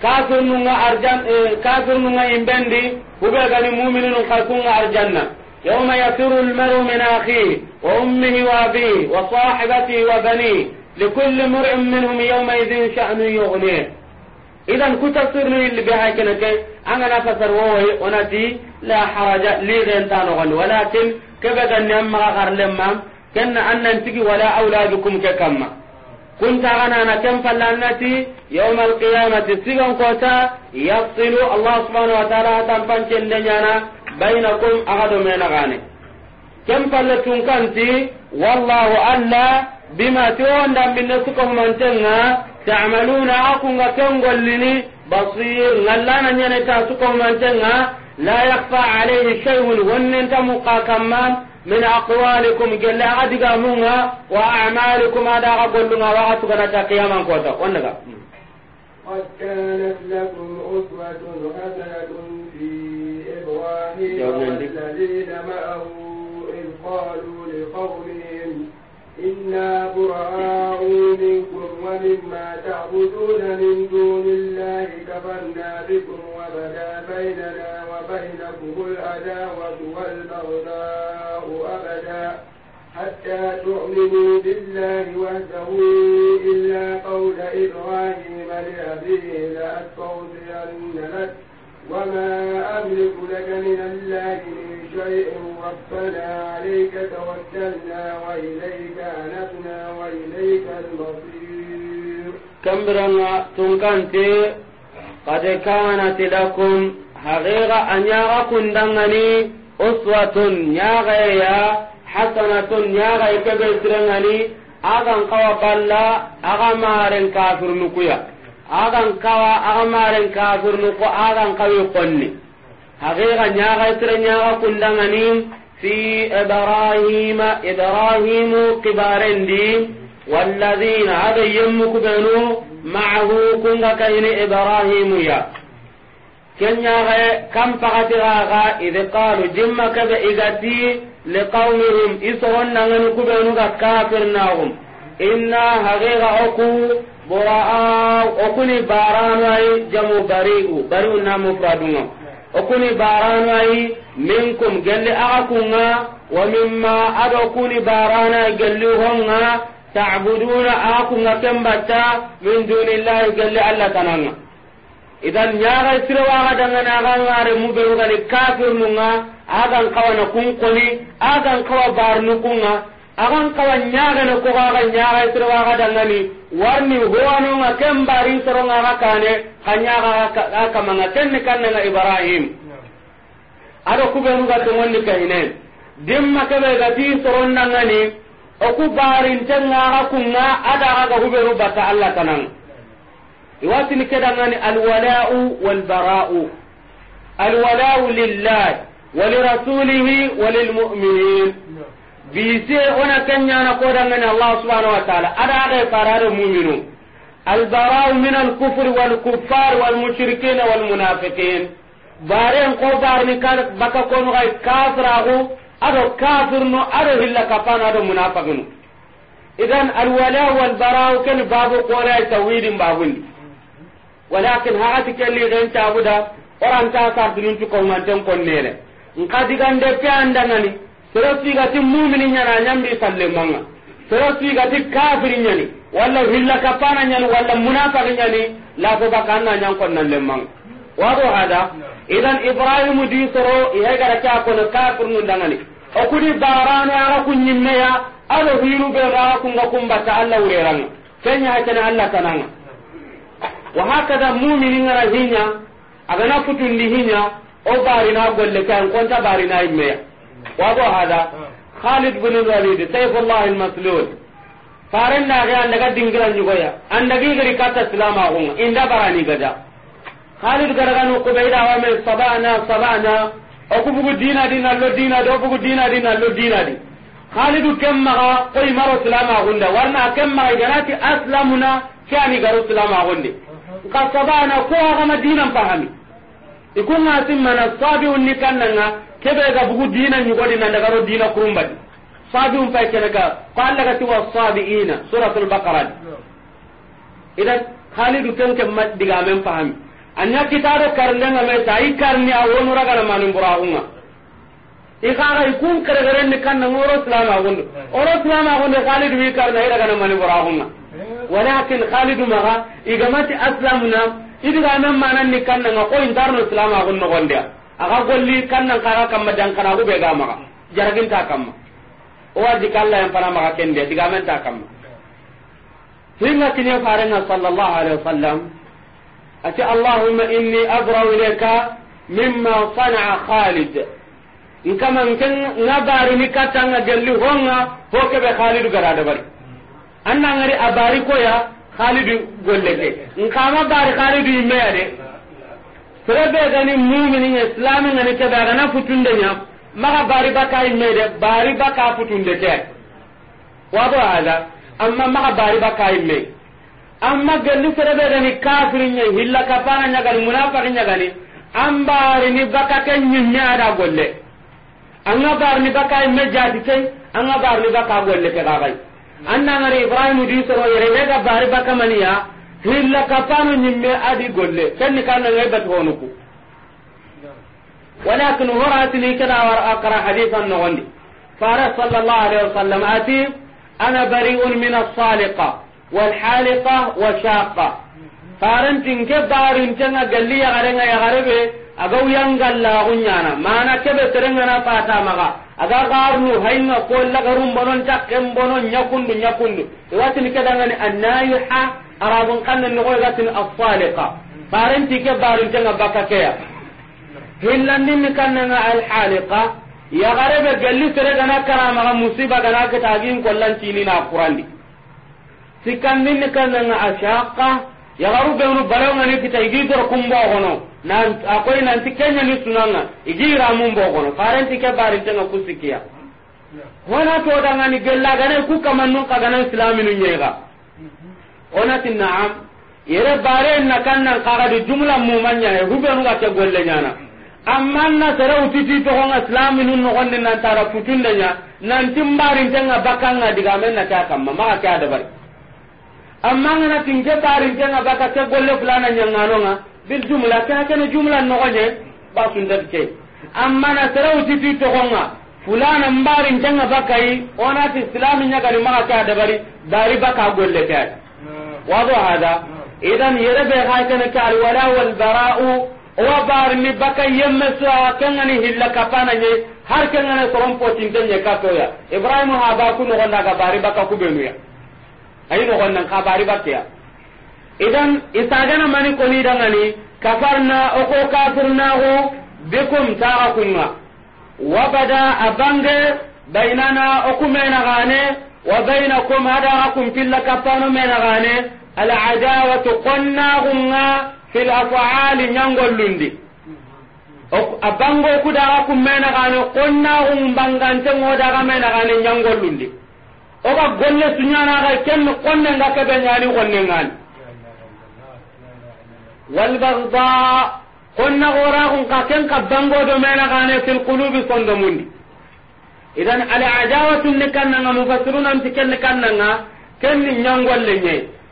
kafir nunga arjan eh, kafir nunga imbendi ube gani mu'minun khalqunga arjanna yawma yasiru al-maru min akhihi wa ummihi wa abihi wa sahibatihi wa banihi likulli mar'in minhum yawma idhin sha'nu yughnih idan ku tafsirnu illi biha kenake angana fasar wo onati la haraja li genta no gon walakin kebe ganni amma garlemma kenna annan tigi wala auladukum ke kamma kun na ken pallannati yauma qiyamati sigan kota yafsilu allah subhanahu wa taala kun ñana bainakum gane. kan ken palle tunkanti wallahu allah bima tuwanda minna ndambinne mantenga tamaluna a kunga ken gollini basir ngallana ñaneta mantenga la yakfa alayhi shay'un wonnenta muqa kamma min aqwalikum gella adiga munga wa a'malikum adaga gollunga wa atugana ta qiyamang kota onnaga قد كانت لكم أسوة حسنة في إبراهيم والذين معه إذ قالوا لقومهم إنا براء منكم ومما تعبدون من دون الله كفرنا بكم وبدا بيننا وبينكم العداوة والبغضاء أبدا حتى تؤمنوا بالله وحده إلا قول إبراهيم لأبيه لأستغفرن لك وما أملك لك من الله من شيء ربنا عليك توكلنا وإليك أنبنا وإليك المصير كم برنا تنكنت قد كانت لكم حقيقة أن يغكن دمني أسوة يا غيا حسنة يا غي كبسرنني أغن قوى قلا أغمار كافر نكويا أغن قوى أغمار كافر نكو أغن قوي قني haqiqa ñaxa sira ñaxa kundangani fi ibrahima ibrahimu kibarendi walladina aɗo yemmuku ɓenu maahu kunga kayini ibrahimuya ken ñaxe kam pakati xaxa ide qalu jimma keɓe igati liqaumihim isoronnangani kuɓenuga kafirnahum inna haqiqa oku bura'a okuni baranai jamu bari'u bari'u na okuni baranayi minkum gelli aga kunga wa mimma ado kuni barana gelli honga ta'buduna aga kembatta min dunillahi gelli allah tananga idan nyaga sirawaga dangana aga ngare muberugani kafir nunga agan kawana kunkoni agan kawa barnu kunga agan kawa nyagana kogaga nyaga sirawaga dangani warni honunga ken barin sorongana kane hanyaga kamanga kanne nga ibrahim aɗo kuɓenuga togondi kahinen dimma keɓe gati soronnangani oku barintengaga kunga adagaga huɓenu batta allah tananga iwatini kedangani alwalau walbarau alwalau lillah ولرسوله وللمؤمنين bise ona kenyana kodangani allah subhanahu wa taala ada ada farare muminu albarau min alkufr walkuffar walmushrikina walmunafiqin baren ko barni baka konuxay ado kafir no ado hilla kafana ado munafaqinu idan alwala walbarau kan babu qura tawidin tawhidin babundi walakin haxati kelli xen cabuda oranta sartinuntu komanten konnene nka digande pe andangani sero sigati mumini ñana ñambi sallemanga sero sigati kafiri ñani walla hilla kappana ñani walla munafaki ñani lafobaka anna ñankonna wa waɗo hada idan ibrahim di soro ihegara ke a kono kafir nu dangani okudi barane aga ku ñimmeya aɗo hinu ɓega aga kunga kumbatta allah wureranga kenya hakene allah tananga wa hakada mumini ngara hinya agana futundi hinya o barina golle ke an konta barina immeya wabo hada khalid bin walid sayfullah almaslul faran da ga daga dingira ni goya andagi gari kata salama gon inda barani gaja khalid garaga no ko beida wa me sabana sabana o ku bugu dina dina lo dina do bugu dina dina lo dina di khalidu kemma ga ko maro salama gon da warna kemma ga nati aslamuna kani garu salama gon de ka sabana ko ga madina ni kebe ga bugu dina ni godi nan daga ro dina kurumbadi sabiun fa kene ga qalla ga tiwa sabiina suratul baqara idan khalidu ken ke ma diga men fahami anya kitaro karne nga me tai karni a wonu raga na manin burahunga ikaga ikun kare garen ni kan nan oro islama gondo oro islama gondo khalidu wi karna ira ga na manin burahunga walakin khalidu maga igamati aslamna idiga men manan ni kan nan ko indarno islama gondo gondia aga golli kannan kaga kamma dankana ku ga maga jaragin ta kamma o waji kalla yang pana maga kende diga men ta kamma sallallahu alaihi wasallam ati allahumma inni ilayka mimma sana'a khalid ni katanga honga hoke be khalid gara da bari abari ko ya khalid golle ke bari khalid serebe gani muminin islami ngani kebe agana futunde nya maka bari baka imede bari baka futunde ke wado hada amma maka bari baka imme amma gani serebe gani kafiri nya hilla kapana nya gani munafiqin nya gani ambari ni baka ken nyinya ada golle anga bar ni baka imme jadi ke anga bar ni baka golle ke gabai anna ngari ibrahim di soro yere ga bari baka maniya hilla kapanu nyimme adi golle kenni kanna ngai bat honuku walakin war hadithan fara sallallahu alaihi wasallam ati ana bari'un min as-saliqa wal haliqa wa shaqa faran tinke barin tanga galli ya garenga ya garebe agaw hunyana mana kebe terenga na fata maga aga garnu hainga ko lagarum bonon takem bonon nyakundu nyakundu arabun kanne nogoygatin assaliqa barenti ke baruntenga bakka keya hillandinni kannenga alhaliqa yagarebe gelli sere gana karamaga musiba gana ketagin kollantinina kurandi sikkandinni kannenga ashaqa yagaru benu balewngani kita igi goro kumbogono akoy nanti kenyani sunanga igi ramumbogono farenti ke barintenga kusikkiya ni todangani gellagana ku kamannun kagana islaminu ñeega onati na'am yere bare na kannan kagadi jumla mumanya he hubenu ga ke golle nyana amma na sere utiti to honga islami nun no gonde nan tara futunda nya nan timbarin tanga bakanga diga men na ka kamma ma ka da bari amma ngana tinje barin tanga baka ke golle fulana nya nganonga bil jumla ka kana jumla no gonde ba sunda ke amma na sere utiti to nga fulana mbarin tanga bakai onati islami nya gari ma ka da bari dari baka golle kai wado hada idan yere be ga kana ka al wala wal bara'u wa ni baka yemme sa kana ni hilla kapana ni har kana ne soron potin den ye ka toya ibrahim ha ba ku no gonda ga bari baka ku benu ya ayi no gonda ka bari baka ya idan isagana mani ko wa bada wa al adawatu qonnahunga fil afali nyangollundi a bango ku daga kummena gano qonnahun bangante ngoda ga mena gane nyangollundi o ga golle sunyana ga ken qonne ga ke benyani qonne ngal wal bagda qonna gora kun ka ken ka bango do mena gane fil qulubi sondo mundi idan al adawatu nikanna mufassiruna mtikan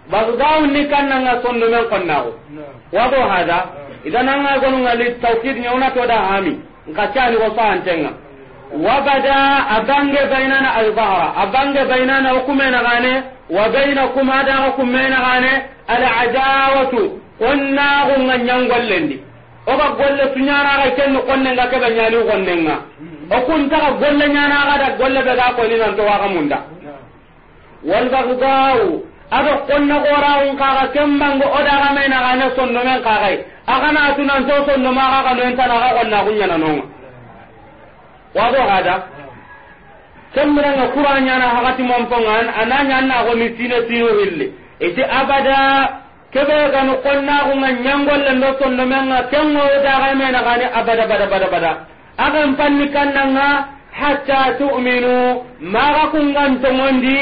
bagdawun ni kannanga sondomen konnago wago hada idan anga gonunga li tawkid nyawna to da hami nka nkacani ko sahantenga wabada abange bainana albahra abange bainana okumena gane wa bainakum ada okumena gane al'adawatu konna gonga nyangollendi oga golle tunyana ga kenno konne nga kebe nyali gonnenga mm-hmm. okun taga golle nyana ga da golle be ga ko ni nan to waga munda wal bagdawu ado qonna qorawun kaga kembango oda ga mena ga ne sondo men kaga aga na tunan to sondo ma ga no entana ga qonna kunya na no wado gada kembra ga qur'anya na hagati mon pongan ananya na go ni tine tino hille ite abada kebe ga no qonna go nyangol le ndo sondo men ga kengo oda ga mena ga ne abada bada bada bada aga panni nga. hatta tu'minu maga kungantogondi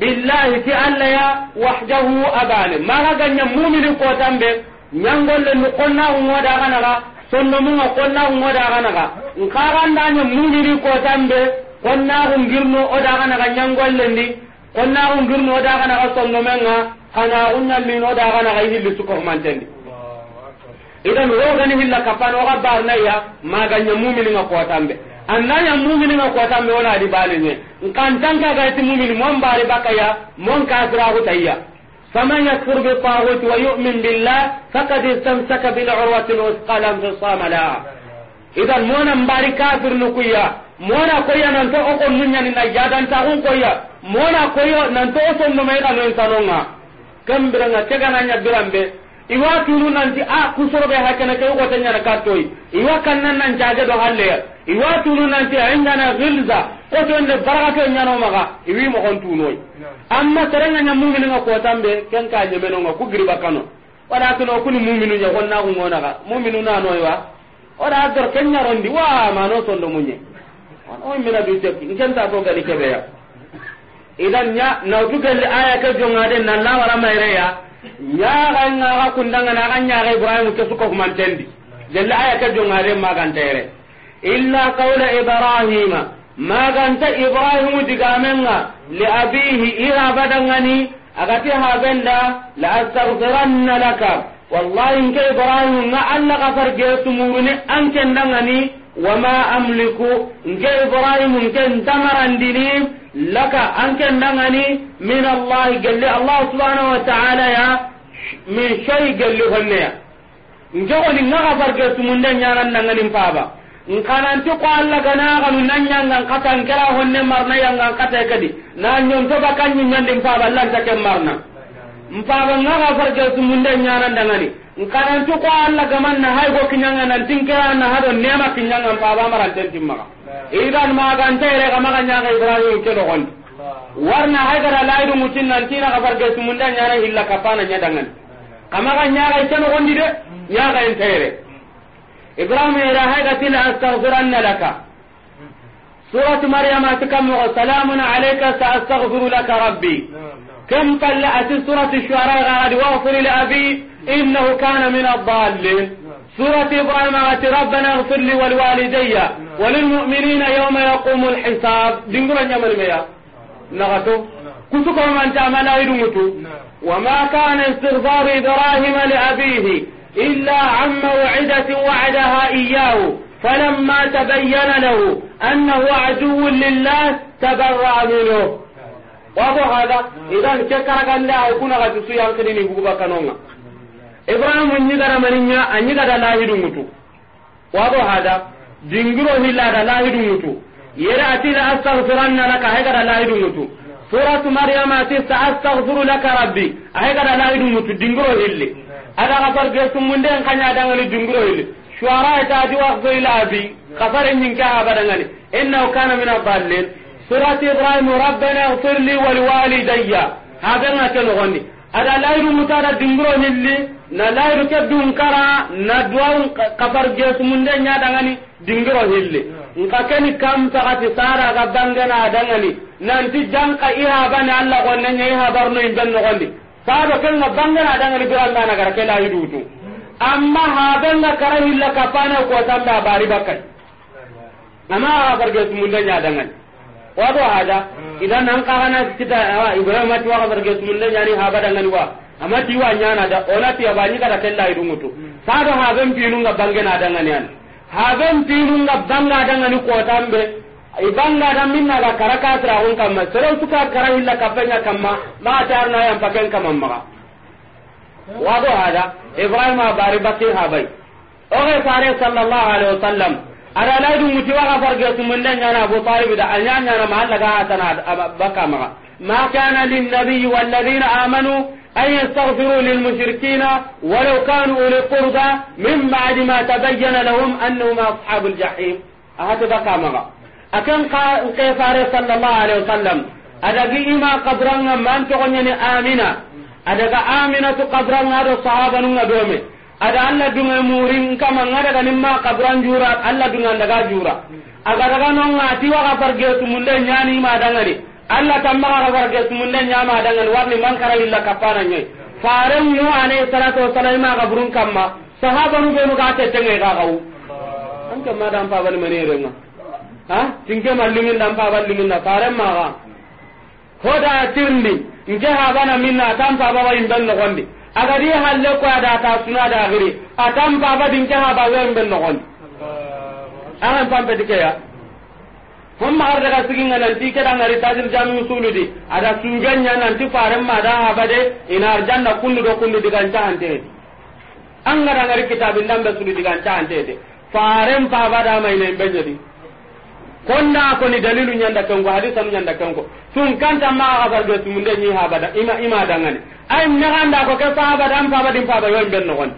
billahi ti allah ya wahdahu abane maga ganya mumini kotanɓe ñangolle nu konnaxungodaganaga sondomunga konnaxungodaganaga nkarandanya mumini kotanɓe konnaxungirno odaganaga kana konnaxungirno odaganaga sondomenga xanaxuñallino odaganaga i hilli sukohumantendi idan rogani hilla kapanoxa barnaya maga ña mumini nga kotanɓe annanya mumini ga kota me wona di bani ne kan tanka ga ti mumini mon bari bakaya mon kasra ko tayya faman yakfur bi taghut wa yu'min billah faqad istamsaka bil urwati al-wuthqa lam tusama la idan mona mbari kafir nu kuya mona koya nan to o kon munya ni na jadan ta on koya mona koyo nan to so no me kan non tanonga kambira na tega na nya birambe iwa tunu nan ti a ah, kusoro be hakana ke ko tanya na katoy iwa kan nan jaga do halle iwa tunu nanti aingana gilza kotonde barakato ñanomaga iwi mogon tunoy amma serenga ñammumininga kotanɓe ken ka ñemenonga ku giribakano oɗa kino kuni muminu ñagonnagungonaga muminu nanoywa oɗa gor ken ñarondi wa mano sondo muñe oy mina du jekki nkenta to gani keɓeya idan ña nawtu gelli aya ke jongaden nalla wara mayreya ñaxangaxa kundangana axa ñaxa ibrahimu ke sukofumantendi gelli aya ke jongaden magantere illa qawla ibrahima maganta ibrahimu digamenga li abihi ira badangani agati habenda la astaghfiranna laka wallahi nke ibrahimu nga anna kafar gesumurune ankendangani wama amliku nke ibrahimu nke tamarandini laka ankendangani min allahi gelli allah subhanahu wa ta'ala ya min shay gelli honneya nke woni nga kafar gesumunde ñanandangani mpaba nkananti ko alla ganaganu nan yangan kata nkera honne marna yangan kata kadi na nyonto bakan nyinyandi mpaba lanta ke marna mpaba ngaga farke sumunde nyanan dangani nkananti ko alla gaman na hay go kinyanga nan tinkera na hado nema kinyanga mpaba maranten timmaga idan maga ntere ga maga nyanga ibrahim ke do gondi warna hay gara laidu mutin nan tina ga farke sumunde nyana illa kapana nyadangani kamaga nyaga ikeno gondi de nyaga entere ابراهيم إلى هذا تلا استغفرن لك سورة مريم أتكم سلام عليك سأستغفر لك ربي كم قال سورة الشعراء غادي واغفر لأبي إنه كان من الضالين سورة إبراهيم أتي ربنا اغفر لي ولوالدي وللمؤمنين يوم يقوم الحساب دينغورا نعمل ميا نغتو كتو أن أنت عمل وما كان استغفار إبراهيم لأبيه إلا عن موعدة وعدها إياه فلما تبين له أنه عدو لله تبرأ منه wabo hada idan ke karaganda ay kuna ga su yan kini ni buga kanonga ibrahim ni gara maninya anyi gara lahidu mutu wabo hada dingiro hilla da lahidu mutu yera atila astaghfiranna laka hay gara lahidu mutu suratu maryama ati astaghfiru laka rabbi mutu ada kasar ge tumunde en kanya dangani dunguro ile shuara ta di wa goila bi kasar nyin ka aba dangani inna kana min aballin surati ibrahim rabbana ighfir wali wali daya. hada na ke no gonni ada lairu mutada dunguro nilli na lairu ke dun kara na duwan kasar ge tumunde nya dangani dunguro nilli nka keni kam tagati sara ga dangana dangani nanti janka iha bana allah gonna nya iha barno imben no gonni kado kenga bangana dangani biranda na gara kela hidutu amma ha benga kara hilla kapana ko tanda bari bakkai amma ha barge sumunde nya dangan wado hada idan an kana kita ibrahim ati wa barge sumunde nya ni ha badangan wa amma ti wa nya na da ona ti abani kada kela hidumutu kado ha ben pinu ga bangana dangani an ha ben pinu ga banga dangani ko tambe ibanga da minna ga karaka tra hun kamma sere suka kara hilla kapenya kamma ma tar na yan paken kamma ma wado hada ibrahim bari bakir habai o ga sare sallallahu alaihi wasallam la du muti wa gafar ga tumun dan yana abu talib da anyanya na mahalla ga tana baka ma ma kana lin nabiy wal ladina amanu yastaghfiru lil للمشركين walau kanu أولي qurba mimma ma tabayyana lahum annahum ashabul jahim ahata baka ma. akan ke fare sallallahu alaihi wasallam adagi ima kabranga man to ne amina adaga amina to kabranga do sahaba nunga dome ada alla dunga murin kama ngada ga nimma kabran jura alla dunga daga jura aga daga non ngati wa ga barge tu munde nyani ma dangari alla tamma ga barge tu munde nyama dangari warni man kara illa kapana nyoy faran nu ane salatu wassalam ga burun kamma sahaba nu be mu ga te tengai ga gawu an kamma dan pa bal mane renga ha tinke mallungin dan pa ballungin na faran ma ga hoda tirndi nke ha bana minna tan pa baba in ben no gondi aga di halle ko ada ta suna da gari atam pa baba din ke ha ba wen ben no gondi aran pam pe dike ya hom ma daga sigin ngana ti ke dan ngari tajin jamu suludi ada sunganya nan ti faran ma da ha de ina arjanna kullu do kullu digan ta hante an ngara ngari kitabin nan be suludi digan ta hante de faran pa baba da mai ne benjadi konda ko ni dalilu nyanda kanko hadisa mu nyanda kanko tun kanta ma ga garbe tumunde ni ha bada ima ima dangane ay nyaganda ko ke sahaba dan fa din fa bayon ben no gon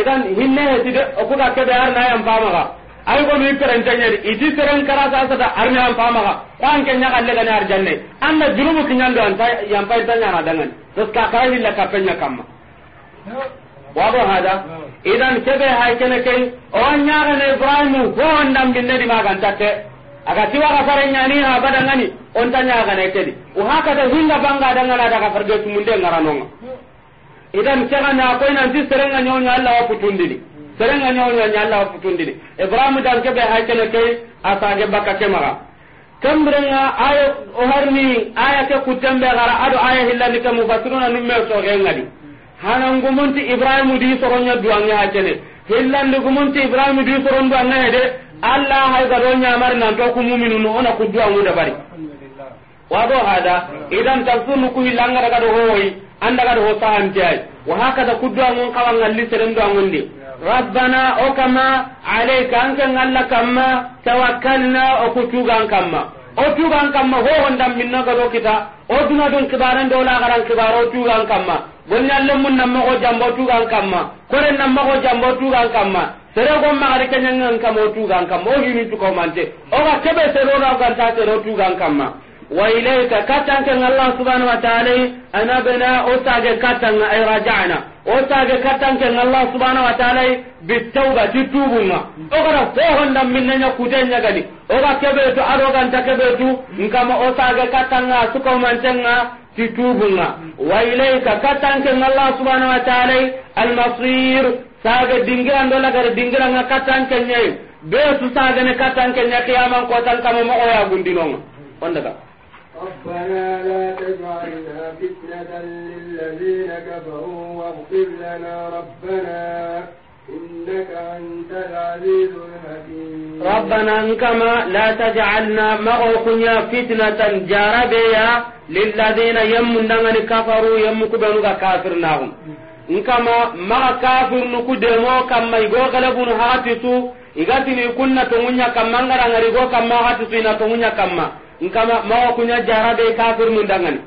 idan hinne he tide o ko ka ke dar yam fama ga ay ko mi peren tanyeri idi peren kara sa sa da arna yam fama ga kan ke nyaga le ga nar janne anda jurumu kinyando an tay yam pa tanya na dangane to ka ka la ka penya wa ba hada idan kebe hay kene kei o nyaagane ibrahimu ho ondam binne di magan takke aga tiwa ka fare nyani ha badangani on ta nyaagane kedi o haka da hinga banga dangana daga farge tumunde ngaranonga idan kega na ko nan ti serenga nya Allah wa putundini serenga nyonya nya Allah wa putundini ibrahimu dan kebe hay kene kei asage bakka kemara kambrenga ayo o harni aya ke kutembe gara ado aya hillani ke mufassiruna numme so ngadi. hanan gumunti ibrahim di soronya duanga hakene di gumunti ibrahim di soron duanga hede alla hay ga donya mar nan to ku mu'minun ona ku duanga da bari wa do hada idan tafsirnu ku hilanga daga do hoyi anda ga do sahan tay wa da ku duanga kawan li seren duanga ndi rabbana o kama alayka anka ngalla kama tawakkalna o ku tugan kama o tugan kama ho hondam minna do kita o duna kibaran do la garan kibaro tugan kama gonyalle mun namma ko jambo tugan kamma kore namma ko jambo tugan kamma sere gon magare kenyangan kamo tugan kamma o yini tu mante o ga kebe sero ro gan ta tu tugan kamma wa ilayka katan kan allah subhanahu wa ta'ala ana bana o tage katan ay raja'na o tage katan kan allah subhanahu wa ta'ala bit ti titubunga o ga ko honda k'u de kutenya gani o ga kebe to arogan ta kebe tu nkama o tage katan ga su komante nga ti tubunga wa ilayka katanke Allah subhanahu wa ta'ala al-masir saga dingira ndola gar dingira nga katanke nyai be su saga ne katanke nya kiyaman ko tan kama mo ya gundinonga onda ka ربنا لا تجعلنا فتنة للذين كفروا إنك أنت العزيز الحكيم ربنا انكما لا تجعلنا مغوكنا فتنة جاربيا للذين يمنون كفروا يمكبنوا كافرناهم nkama maga kafir nuku demo kamma igo galabunu hatitu igatini kunna tongunya kamma ngarangari igo kamma hatitu ina tongunya kamma nkama maga kunya jarabe kafir mundangani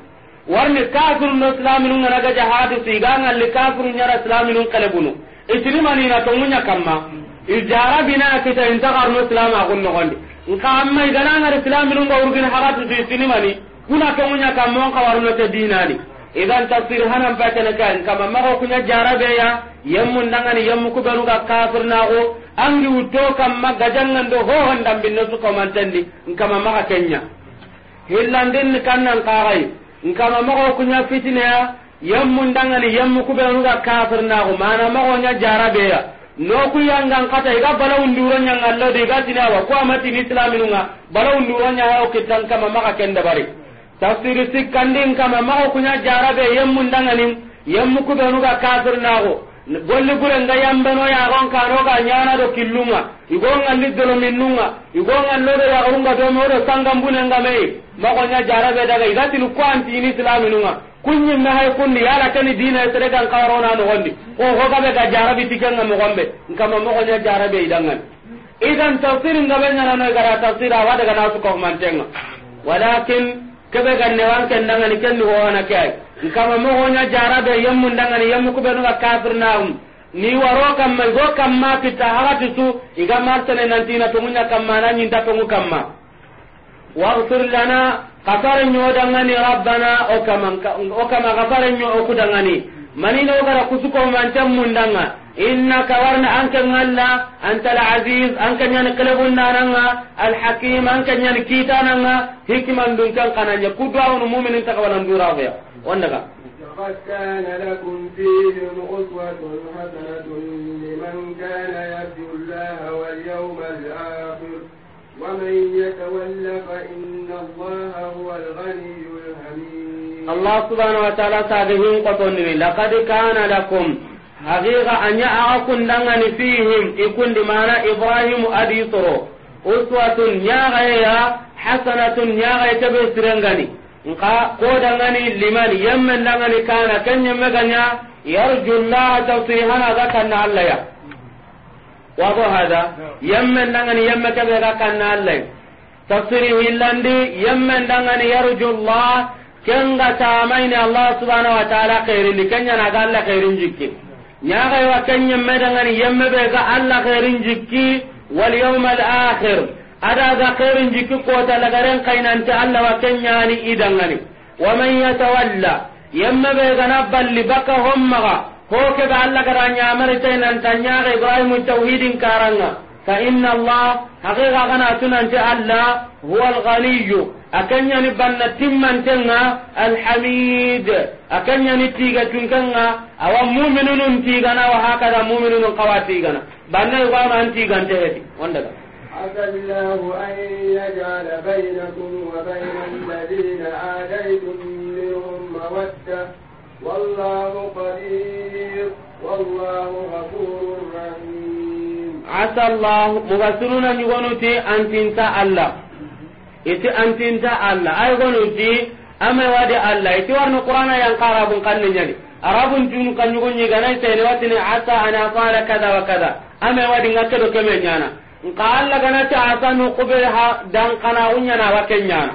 warni kafir no islamin ngana gaja hatitu iga ngalli kafir itini manina tongunya kamma ijara bina kita inta karno islam akun nogondi nka amma igana ngari islam nun ga urgin haratu di itini mani kuna tongunya kamma ka warno te dinani idan tafsir hanan batana kan kama mako kunya jara be ya yemmu ndangani yemmu ku beru ga kafir na go angi utto kamma gajangan do ho handam binno su komantandi nkama maka kenya hillandin kannan kagai nkama mako kunya fitina yammun dangani yammu kubenu ga kafir na ko mana ma onya jarabe ya no ku yangan kata iga balawun duro nya ngallo de ga tinawa ko amati ni islamin nga balawun duro nya ha o kitan kama maka kenda bari tafsir sikandin kama ma ko nya jarabe yammun dangani yammu kubenu ga kafir na ko golli gurenga yambeno yagon kanoga ñana do killunga igongandi dolominnunga igonganlodo yagarunga domoodo sangambunenga mei magoña jarabe daga igatini ko antini islaminunga kunyin na hay kunni yala kan dina tere kan karona no gondi ko ho ga be ga jarabi tikanga mo gombe ngama mo gonya jarabe idangan idan tafsir ngabe nyana no gara tafsir awa daga na su ko mantenga walakin kebe ga ne wan kan dangan ken ho wana kai ngama mo gonya jarabe yammu dangan yammu ko be no kafir naum ni waro kam mai go kam ma kita harati su iga martane nan dina to munya kam ma nan ta to mu kam ma واغفر لنا غفر نيو دغني ربنا او كما او كما غفر نيو او كدغني mani no gara kusuko man tan mundanga innaka warna anka ngalla anta al aziz anka nyana kalabun nananga al hakim anka nyana kitananga hikman dun kananya kudwa on mu'minin ta ya wanda كان لكم فيهم أسوة حسنة لمن كان يرجو الله واليوم الآخر ومن يتول فإن الله هو الغني الحميد الله سبحانه وتعالى سابهم قطنني لقد كان لكم حقيقة أن يأكن دغني فيهم يكون بمعنى إبراهيم أبي طرو أسوة يا غيا حسنة يا غيا تبسرنغني nka ko dangani liman yamman dangani kana kan yamma ganya yarju Allah tawsihana zakanna Allah ya wago hada yammen dangani yemme kebe ga kanna allah tafsiri hillandi yemmen dangani yarjullah kenga tamaini allah subhanahu wa ta'ala khairindi kenya naga allah khairin jikki ñagaywa ken yemme dangani yemme be ga allah khairin jikki wal yawm al akhir ada ga khairin jikki kota lagaren kainante allah wa kenyani idangani waman yatawalla yemme be gana balli baka hommaga ko ke ga Allah gara nyamare tay nan tanya ga Ibrahim tauhidin karanga fa inna Allah haqiqa kana tunan ta Allah huwa al-ghaniy akanya ni banna timman tenga al-hamid akanya ni tiga tunkanga awa mu'minun tiga na wa haka hakada mu'minun qawati gana banna ko man tiga te wanda ga عسى الله أن يجعل بينكم وبين الذين آليتم منهم مودة والله قدير والله غفور رحيم عسى الله مفسرون يقولون أنت أنت الله iti antinta Allah ay gonuti ama wadi Allah iti warno qur'ana yang qarabun kanne nyani arabun tunu kanyu gonye ganai tene watini asa ana fara kada wa kada ama wadi ngakka do keme nyana nka Allah ganati asa no kubel ha dan kana unya na wa kenyana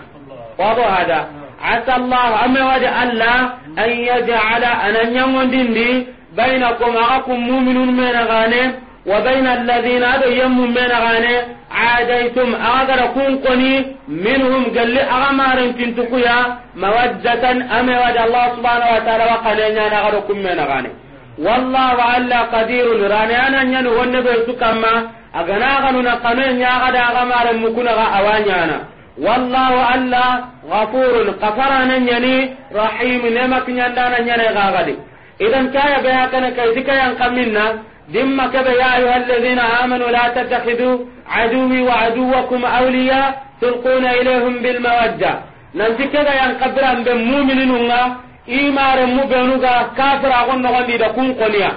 asa allah amma waje allah an yaj'ala anan yangondindi bainakum akakum mu'minun mena gane wa baina alladhina ado yammu mena gane adaitum agara kun koni minhum galli agamarin tintukuya mawaddatan amma waje allah subhanahu wa ta'ala wa qananya na agara kun mena gane wallahu alla qadirun rani ananyani wonne be su kamma agana ganuna kanenya agada agamaren mukuna ga awanyana wallahu alla ghafurun kafarana nyani rahim nema kinyandana nyane gagadi idan kaya be hakana kai dikayan kaminna dimma kabe ya ayuha alladhina amanu la tattakhidu aduwi wa aduwakum awliya tulquna ilayhim bil mawadda nan dikaga yan kabran be mu'minununga imare mu benuga kafira gonno gondi da kun qoniya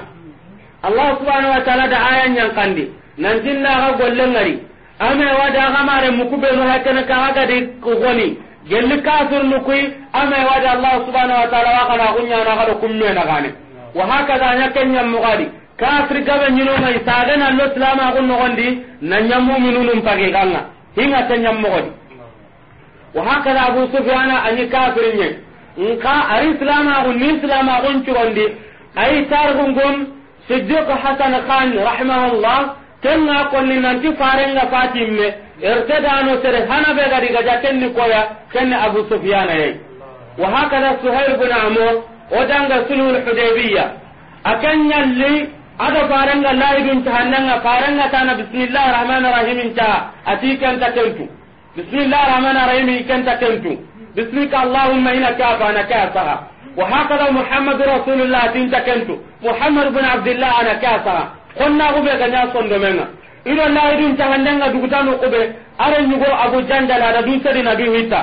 allah subhanahu wa ta'ala da ayan yan kandi nan tinna ga golle ngari ame wada gamare muku benu hakana ka haga de kogoni gelli kafir nukui ame wada allah subhanahu wa ta'ala wa kana kunya na gado kumne na gane wa haka hakada nya kenya mugadi kafir gabe nyino mai saga na lo islama kun no gondi na nyamu minunum pagi ganga hinga kenya mugadi wa haka da abu sufyana anyi kafir nye nka ari islama kun ni islama kun churondi ay tarhum gum siddiq hasan khan rahimahullah kenga konni nanti farenga fatimme erte dano sere hana be gadi gaja kenni koya kenni abu sufyan ay wa hakala suhayl bin amr o danga sulhul hudaybiya akanya li ada farenga laibin tahannanga farenga tana bismillahir rahmanir rahim ta atikan ta kentu bismillahir rahmanir rahim kan ta kentu bismika allahumma innaka ka fa wa hakala muhammad rasulullah tin ta kentu muhammad bin abdullah ana fa konna kube ganya sondo menga ido na idun cahandenga dugutano kube are nyugo abu jandala da dun sedi nabi hitta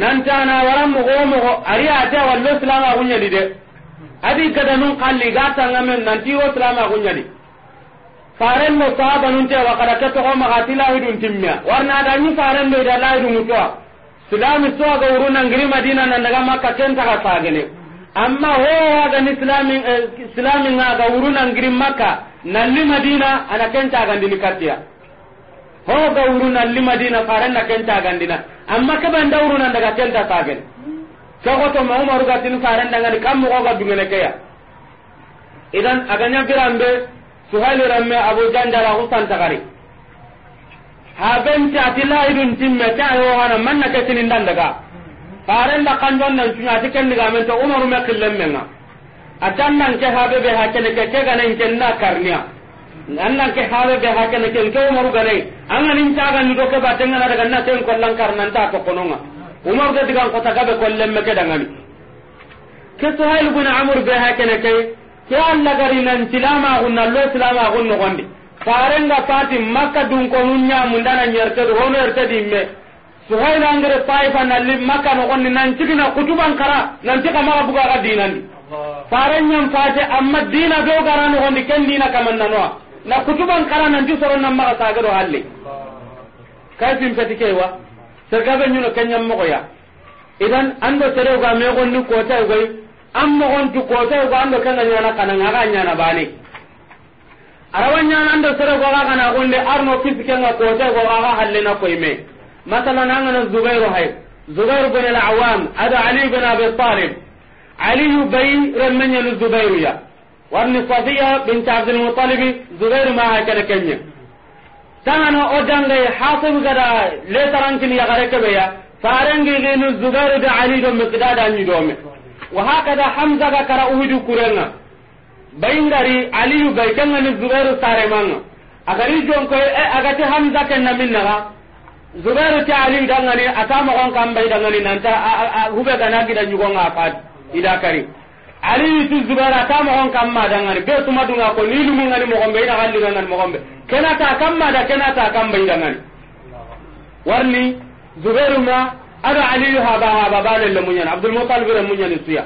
nantana waran mogo mogo ari ate wallo de adi kalli ga tangamen nanti wo silama kunyadi faren no sahaba nun te wa kada kato ko maga tilahidun timmiya warna da ni faren do da lahidun mutuwa silami suwa ga uruna ngiri madina nan daga makka kenta ka sagene amma hohoagan islamin aga eh, wurunangirin makka nalli madina ana kencagandini kattiya hoga wuru nalli madina farenna kencagandina amma keɓen dawrunan daga kenta sagen kegotoma umaru gatini farendangani kam mogoga dungene keya idan aganyagiranɓe suhali ramme abu jandara husantakari ha benti ati lahidun timme ke ayohana manna ketinin dandaga faren da kan don nan tunga tiken diga men to umaru me killen men na atan nan ke habe be ha ke ke ke ganen ken na karniya nan nan ke habe be ha ken ken ke umaru gane an nan ta ga ni do ke batenga na daga na ten kollan karnan ta to kononga umaru ga diga ko ta ga be kollen me ke dangani ke suhail bin amr be ha ken ke ke Allah gari nan tilama na lo tilama gunno gonde faren ga fati makka dun ko munya mun dana nyerte do hono yerte dimme sohoyna ngere taifa nalli makka nogonni na kutuban kara nanti kamaga bugaga dinandi farenyan fate amma dina be gara nogondi ken dina kamannanoa na kutuban kara nanti soronna maga sagedo halle kayfin peti kewa sergabe ñuno kenyammogoya idan ando serewga megonni kotay goy an mogontu kotaygo ando kenga ñana kananga aga ñana bane arawa ñana ando serewgo aga ganagonde arno kisi kenga kotaygo aga hallena koyme مثلا أنا الزبير هاي زبير بن العوام هذا علي بن أبي طالب علي بي رمني الزبير يا وابن صفية بنت عبد المطلب زبير ما هكذا كنيا تانا أدان لي حاصم كذا لترانكني يا غريكبيا farangi linu zubairu da ali do miqdada ni do me wa hakada hamza ga kara uhudu kurenga bayngari ali yu baykanga ni zubairu sare manga agari jon ko e agati hamza na minna zubairu ti ali dangani ata mogon kambay dangani nanta hube gana gida ñugonga fat ida kari ali ti zubairu ata mogon kamma dangani be tuma dunga ko ni lumu ngani mogon be ina halli ngani mogon be kenata kamma da kena kenata kambay dangani warni zubairu ma ada ali haba haba ba le munyan abdul muttalib le munyan suya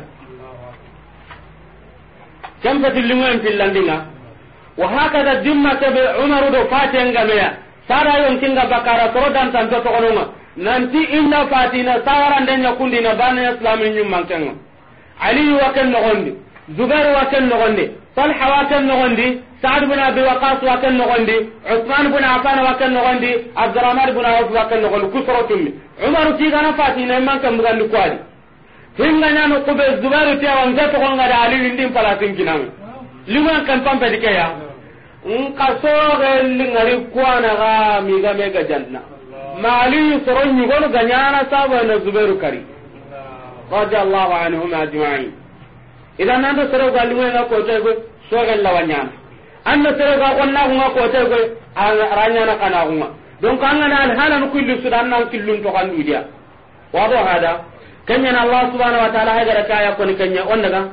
kam fatil limu en pillandinga wa hakada dimma tabe umaru do fatenga meya sada yonkinga bakara toro dantanto togononga nanti inna fatina sawarande na bana islami ñummankenga aliyu wa ken nogondi zubair wa ken nogondi talha wa ken nogondi saad bin abi waqas wa ken nogondi usman bin affan wa ken nogondi abdurahman bin awf wa ken nogondi ku soro tummi umaru tigana fatina manken bugandi kuadi hinga ñano kube zubairu tiyawanke togonga da aliyu ndin palatinkinanga liman kan pampedikeya nka soxe ngari kuwanaxa migame ga janna mali soro ñigonu gañana na zubairu kari radi allahu anhum ajmain idan nando serewga lingoyenga kotoy goy soxen lawa ñana anna serewga xonnaxunga kotoy goy arañana xanaxunga donc angana alhananu killu suda annan killun toxanduidiya wado hada kenyana allah subhanau wa taala hagara kaya koni kenya on daga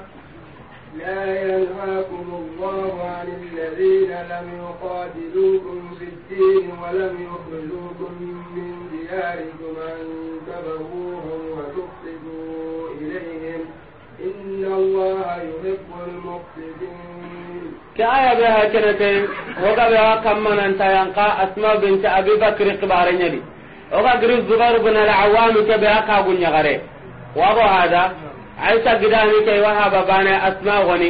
ya yalwa kuma mu ma wani lari na lami wakkati dukku cikinmu a lami wakkati dukku min biya a yi tuma min ta bawa dukki mu ma yi kenan a yi ke kwallon mu a kamananta yanka asma binet abu bakri kibarayeli o zubar da na da awa mutum bai a ka ga ɗagaare wako aisha gidani kai wahaba bana asma goni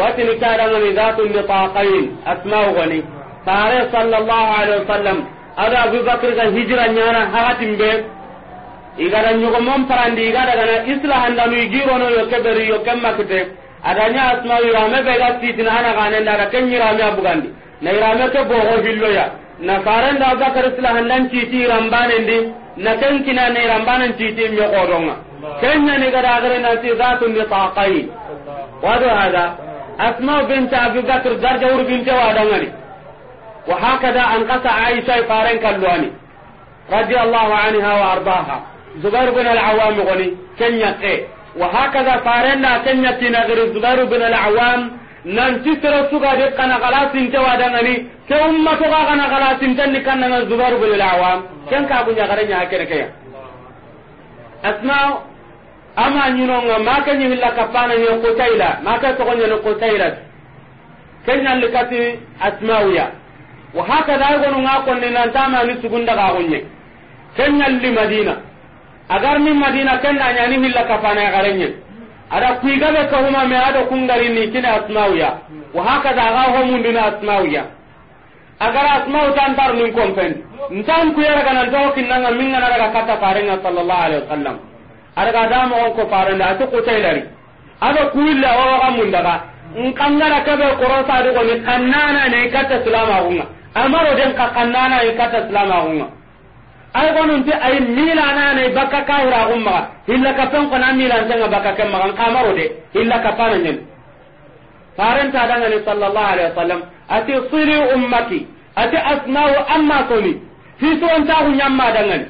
watini kadangani zatu nitaqain asma goni fare sallallahu alaihi wasallam ada bakr ga hijra nyana hakatin be igara nyugo ñogomon parandi igada gana giro no yo keɓeri yo kemma kemmakite adaña asma rame be ga sitina anaganenda ada ken irame abu gandi na irame ke bogo ya na farenda abubakar islahandan citi irambanendi na ken kina na irambanan citi me koɗonga kenya ni gada gare na ti zatu ni taqai wado hada asma bakr darja ur wa hakada an aisha faran anha wa ardaha zubair bin al-awam goni kenya ke wa hakada faran na kenya zubair bin al-awam kana ke umma kana zubair bin al-awam ken asma ama ñinonga maka ñihilla kappana ñe kutayla maka togoñene kutayla keñalli kati asmauya wa hakada gonunga konne nantamani sugundagaxunñe li madina agar agarni madina kenna ñani hilla kapana garenye ada be ko huma me ada ni kina asmauya wa hakada ga ho mundina asmauya agar asmau tan tar nun kompen ntan yara kana to kinna minna daga kata nga sallallahu alaihi wasallam adaga da mo ko faranda atu ko taylari ado kuilla wa wa mun daga in kangara ka be qur'an sa de ko ni kannana ne kata salama hunga amaro den ka kannana ne kata salama hunga ay gonun te ay mila na ne bakka ka ira umma illa ka pen ko na mila tanga bakka kan magan amaro de illa ka panan faranta daga ne sallallahu alaihi wasallam ati siri ummati ati asna'u amma soni hiso anta hunyamma daga ne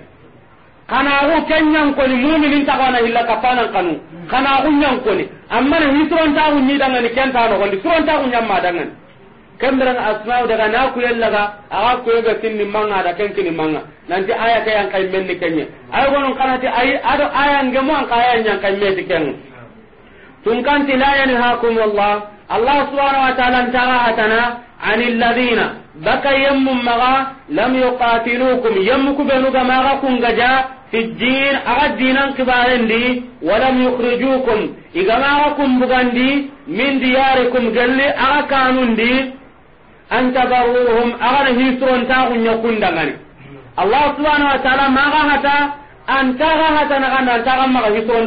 kana ko kenyan ko ni mu'minin ta kana illa kafanan kanu kana ko nyan ko ni amma ni hitron ta hunni daga ni kenta no gondi hitron ta hunnya daga ni kamran asma'u daga na ku yalla ga aga ko ga tinni manga da kenki ni manga nanti aya ka yang kai menni kenya ay wono kana ti ay ado aya ngemo an kaya yang kai menni kenya tun kan tilaya ni hakum allah allah subhanahu wa ta'ala ntaga hatana ani alladhina baka yemmu maga lam yuqatilukum yemmu kubenu gamaga kungaja fi din aga dinan kibarendi walam yukhrijukum igamaga kumbugandi min diyarikum gelli aga kanundi an aga allah subhanahu wa ta'ala maga hata antaga hata maga hisron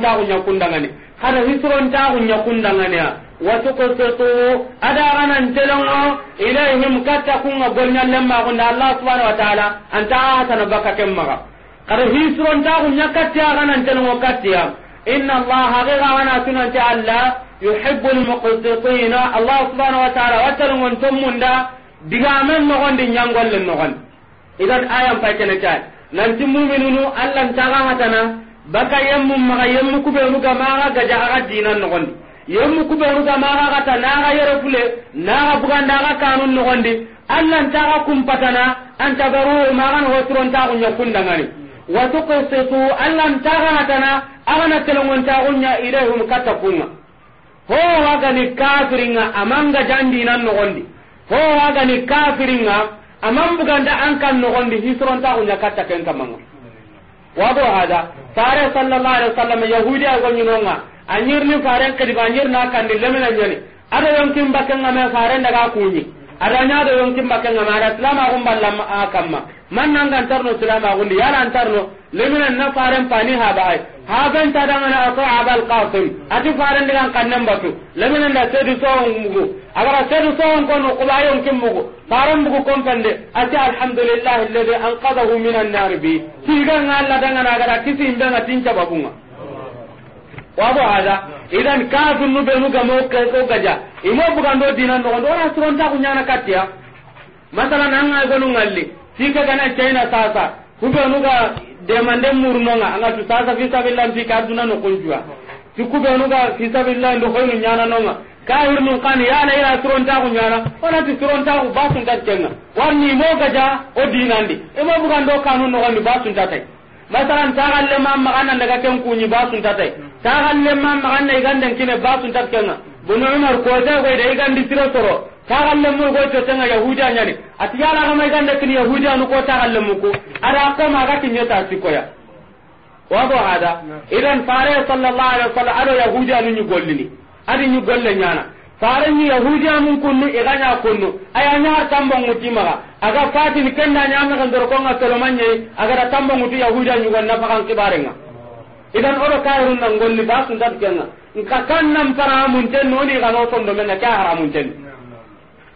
ta kunya kana watukusutu adara nan telongo ilayhim katta kunga gonyan lemma kunda Allah subhanahu wa ta'ala anta ahata na baka kemmaga kada hisron ta kunya katti aga nan telongo katti ya inna Allah haqiqa wana sunanti Allah yuhibbu almuqsitina Allah subhanahu wa ta'ala watalungo ntumunda digamen nogon di nyangon len nogon idan ayam paikene chay nanti mu'minunu Allah ntaga hatana baka yemmu maga yemmu kubelu gamaga gaja aga dinan nogon di yemmu kuɓenuta maxa xata naxa yere fule naxa bugandaxa kanun noxondi allantaxa kumpatana antabaru maxan hotirontaxu ñakkundangani wa tuqsitu allantaxa hatana axana telongontaxuña ilayhum katta kunga ho wagani kafiringa amanga jandinan noxondi ho wagani kafiringa aman buganda an kan noxondi hisirontaxuña katta ken kamanga wado hada fare sallallahu alaihi wasallam yahudi a gonyinonga anyirni fare kadi banyirna anyirna kandi lemena nyani ada yonkin bakkan ngame fare daga kunyi adanya do yong timba kan ma ada salama gum ballam akamma man nan kan tarno salama gum ya lan lemina na faran pani ha bai ha ban ta dan ana ato abal qasim ati faran dengan kannan batu lemina da sedu so mugo agara sedu so on kono kula yong tim mugo faran mugo kompande ati alhamdulillah alladhi anqadahu minan nar bi tigan alla dan agara kisi inda ngatin cababunga wabo hada idan kafir nu be nu ga mo ka ko gaja imo bugan do dinan do do na suron ta kunyana katia masala nan ga gonu ngalli tika kana china sasa kube nu ga de mande murno nga anga tu sasa fi sabillan fi kaduna no kunjua ti kube nu ga fi sabillan do hoyno nyana no nga kafir nu kan ya la ila suron ta kunyana ona ti suron ta ku basun ta kenga warni mo gaja o dinandi imo bugan do kanun no ni basun ta tai masalan ta galle ma magana daga ken kunyi basun tatai ta galle ma magana igande kine basun tatkenga bunu umar ko ta ko da igandi tiro toro ta galle mu ko to tanga yahuda nyani atiyala ga mai ganda kini yahuda nu ko ta galle mu ko ara ko ma ga kinyo ta sikoya wado hada idan fare sallallahu alaihi wasallam ado yahuda nu ni gollini adi ni golle nyana farenni yahudiya mun kunnu iganya kunnu aya nyar tambo muti maga aga ni kenda nyamna kan dor konga manye aga da tambo muti yahudiya nyugo na pakan kibarenga idan oro kayrun nan golli ba sun dab kenna nka kan nam fara mun ten noni ga no tondo men ka haramun ten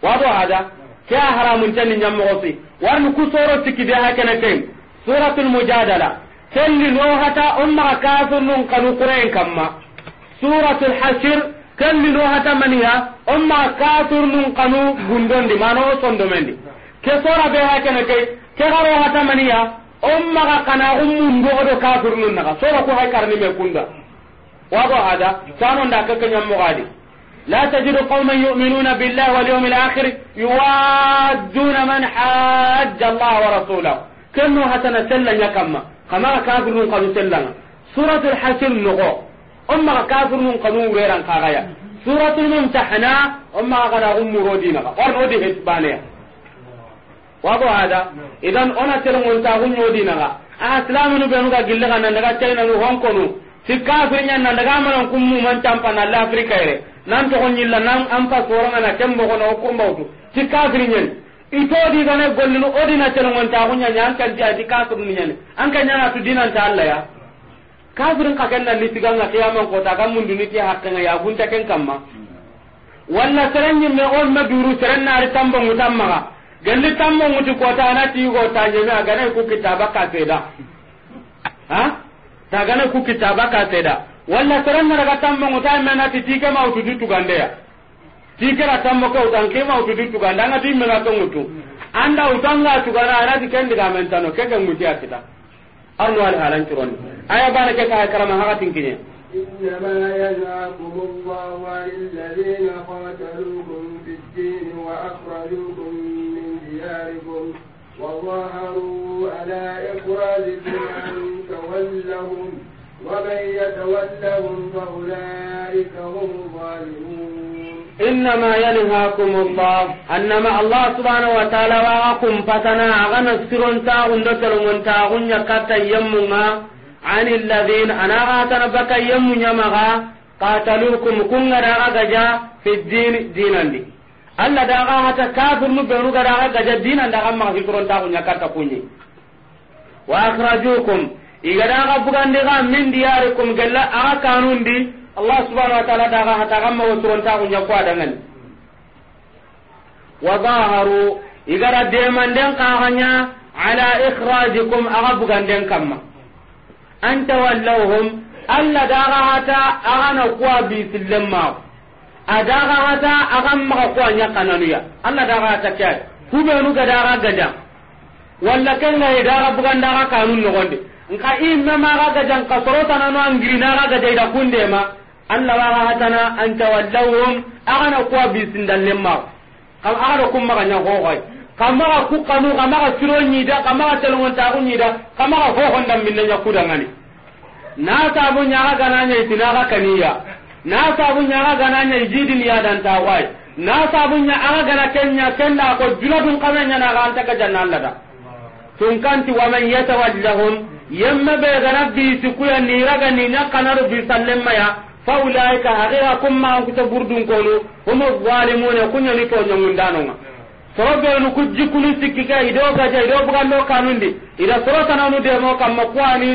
wado hada ka haramun ten nyammo osi warnu kusoro tikide hakana ten suratul mujadala telli no hata umma nun kanu qur'an kamma suratul hasir. kelli do hata maniya umma kafir nun kanu gundondi mano sondo mendi ke sora be ha kene ke ke garo hata maniya umma ga kana ummun do do kafir nun naga sora ko hay karni me kunda wago hada tano nda ka kenya mo gadi لا تجد قوما يؤمنون بالله واليوم الآخر يوادون من حاج الله ورسوله كنو هتنا سلا يكما كما كافر قالوا سلا سورة الحسن نقو on ma kafir nun kanu weran kaga ya suratul mumtahana on ma kana umuro ka on odi hetbane wa go hada idan ona tere mun ta hunyo dinaka a islamu nu be nuga gilla kana daga china nu hong kong si kafir nya na daga man kummu man tampa na afrika ere nan to on yilla nan am pa soranga na tembo kono ko mbawtu si kafir nya ito di gane gollinu odina tere mun ta hunya nya an kan ti adi kafir nya an kan nya na tu dinan ta Allah ya kafirin ka kenna ga kiyaman ta kan munduni ke hakkanga ya gunta ken kamma walla serenni me on ma duru seren na ri tambo mutamma gelli tambo muti ta na ti go ta je na gane ku kitaba ka seda ha ta gane ku kitaba ka seda walla seren na daga tambo mutai me na ti tike ma utu ditu ya tike ra tambo ka utan ke ma utu ditu na ti me na to mutu anda utanga tu gara na ti ken diga mentano ke ke mutia kita arno al halan turoni aya bana ke ka kara ma haka Allah wa alladhina qatalukum fid-din wa akhrajukum min diyarikum عن الذين أنا آتنا بك يم يمغا قاتلوكم كن راغا جا في الدين دينا دي Allah da ga hata kafir mu beru ga daga gaja dinan da amma turon ta kunya kata kunyi wa akhrajukum iga daga bugan diga min diyarikum galla a kanun di Allah subhaan wa ta'ala daga hata amma wa turon ta kunya kwa dangan wa zaharu iga da de man den ka ala den kamma an tawallawhum alla daga hata agana kuwa bisillen ma adaga hata agan maka kuwa nyakananu ya alla daga hata kya kubenu ga daga gaja walla kenga e daga bugan daga kanun nogonde nka imme maga gajan kasorotanano an girinaga gaja ida kundema alla waga hatana an tawallawhum agana kuwa bisindallen ma kam agana kummaga nyakokoy kamaga ku kanu kamaga ciro nyida kamaga telongon tagu nyida kamaga ho honda minna nyakuda ngani na sabu nyaga gananya itinaga kaniya na sabu nyaga gananya ijidin ya dan tawai na sabu nyaga gana kenya kenda ko juladun kamenya na ga antaka jannan lada tun kanti wa man yatawallahum yamma be garabbi tikuya ni raga ni nyakanaru bi sallemma ya fa ulaika hagira kumma ku ta burdun kono humu zalimuna kunya ni to nyangundanonga soro bernu ku jikkunu sikkike ido gaja ido buganno kanundi ida soro tananu demo kamma kuwani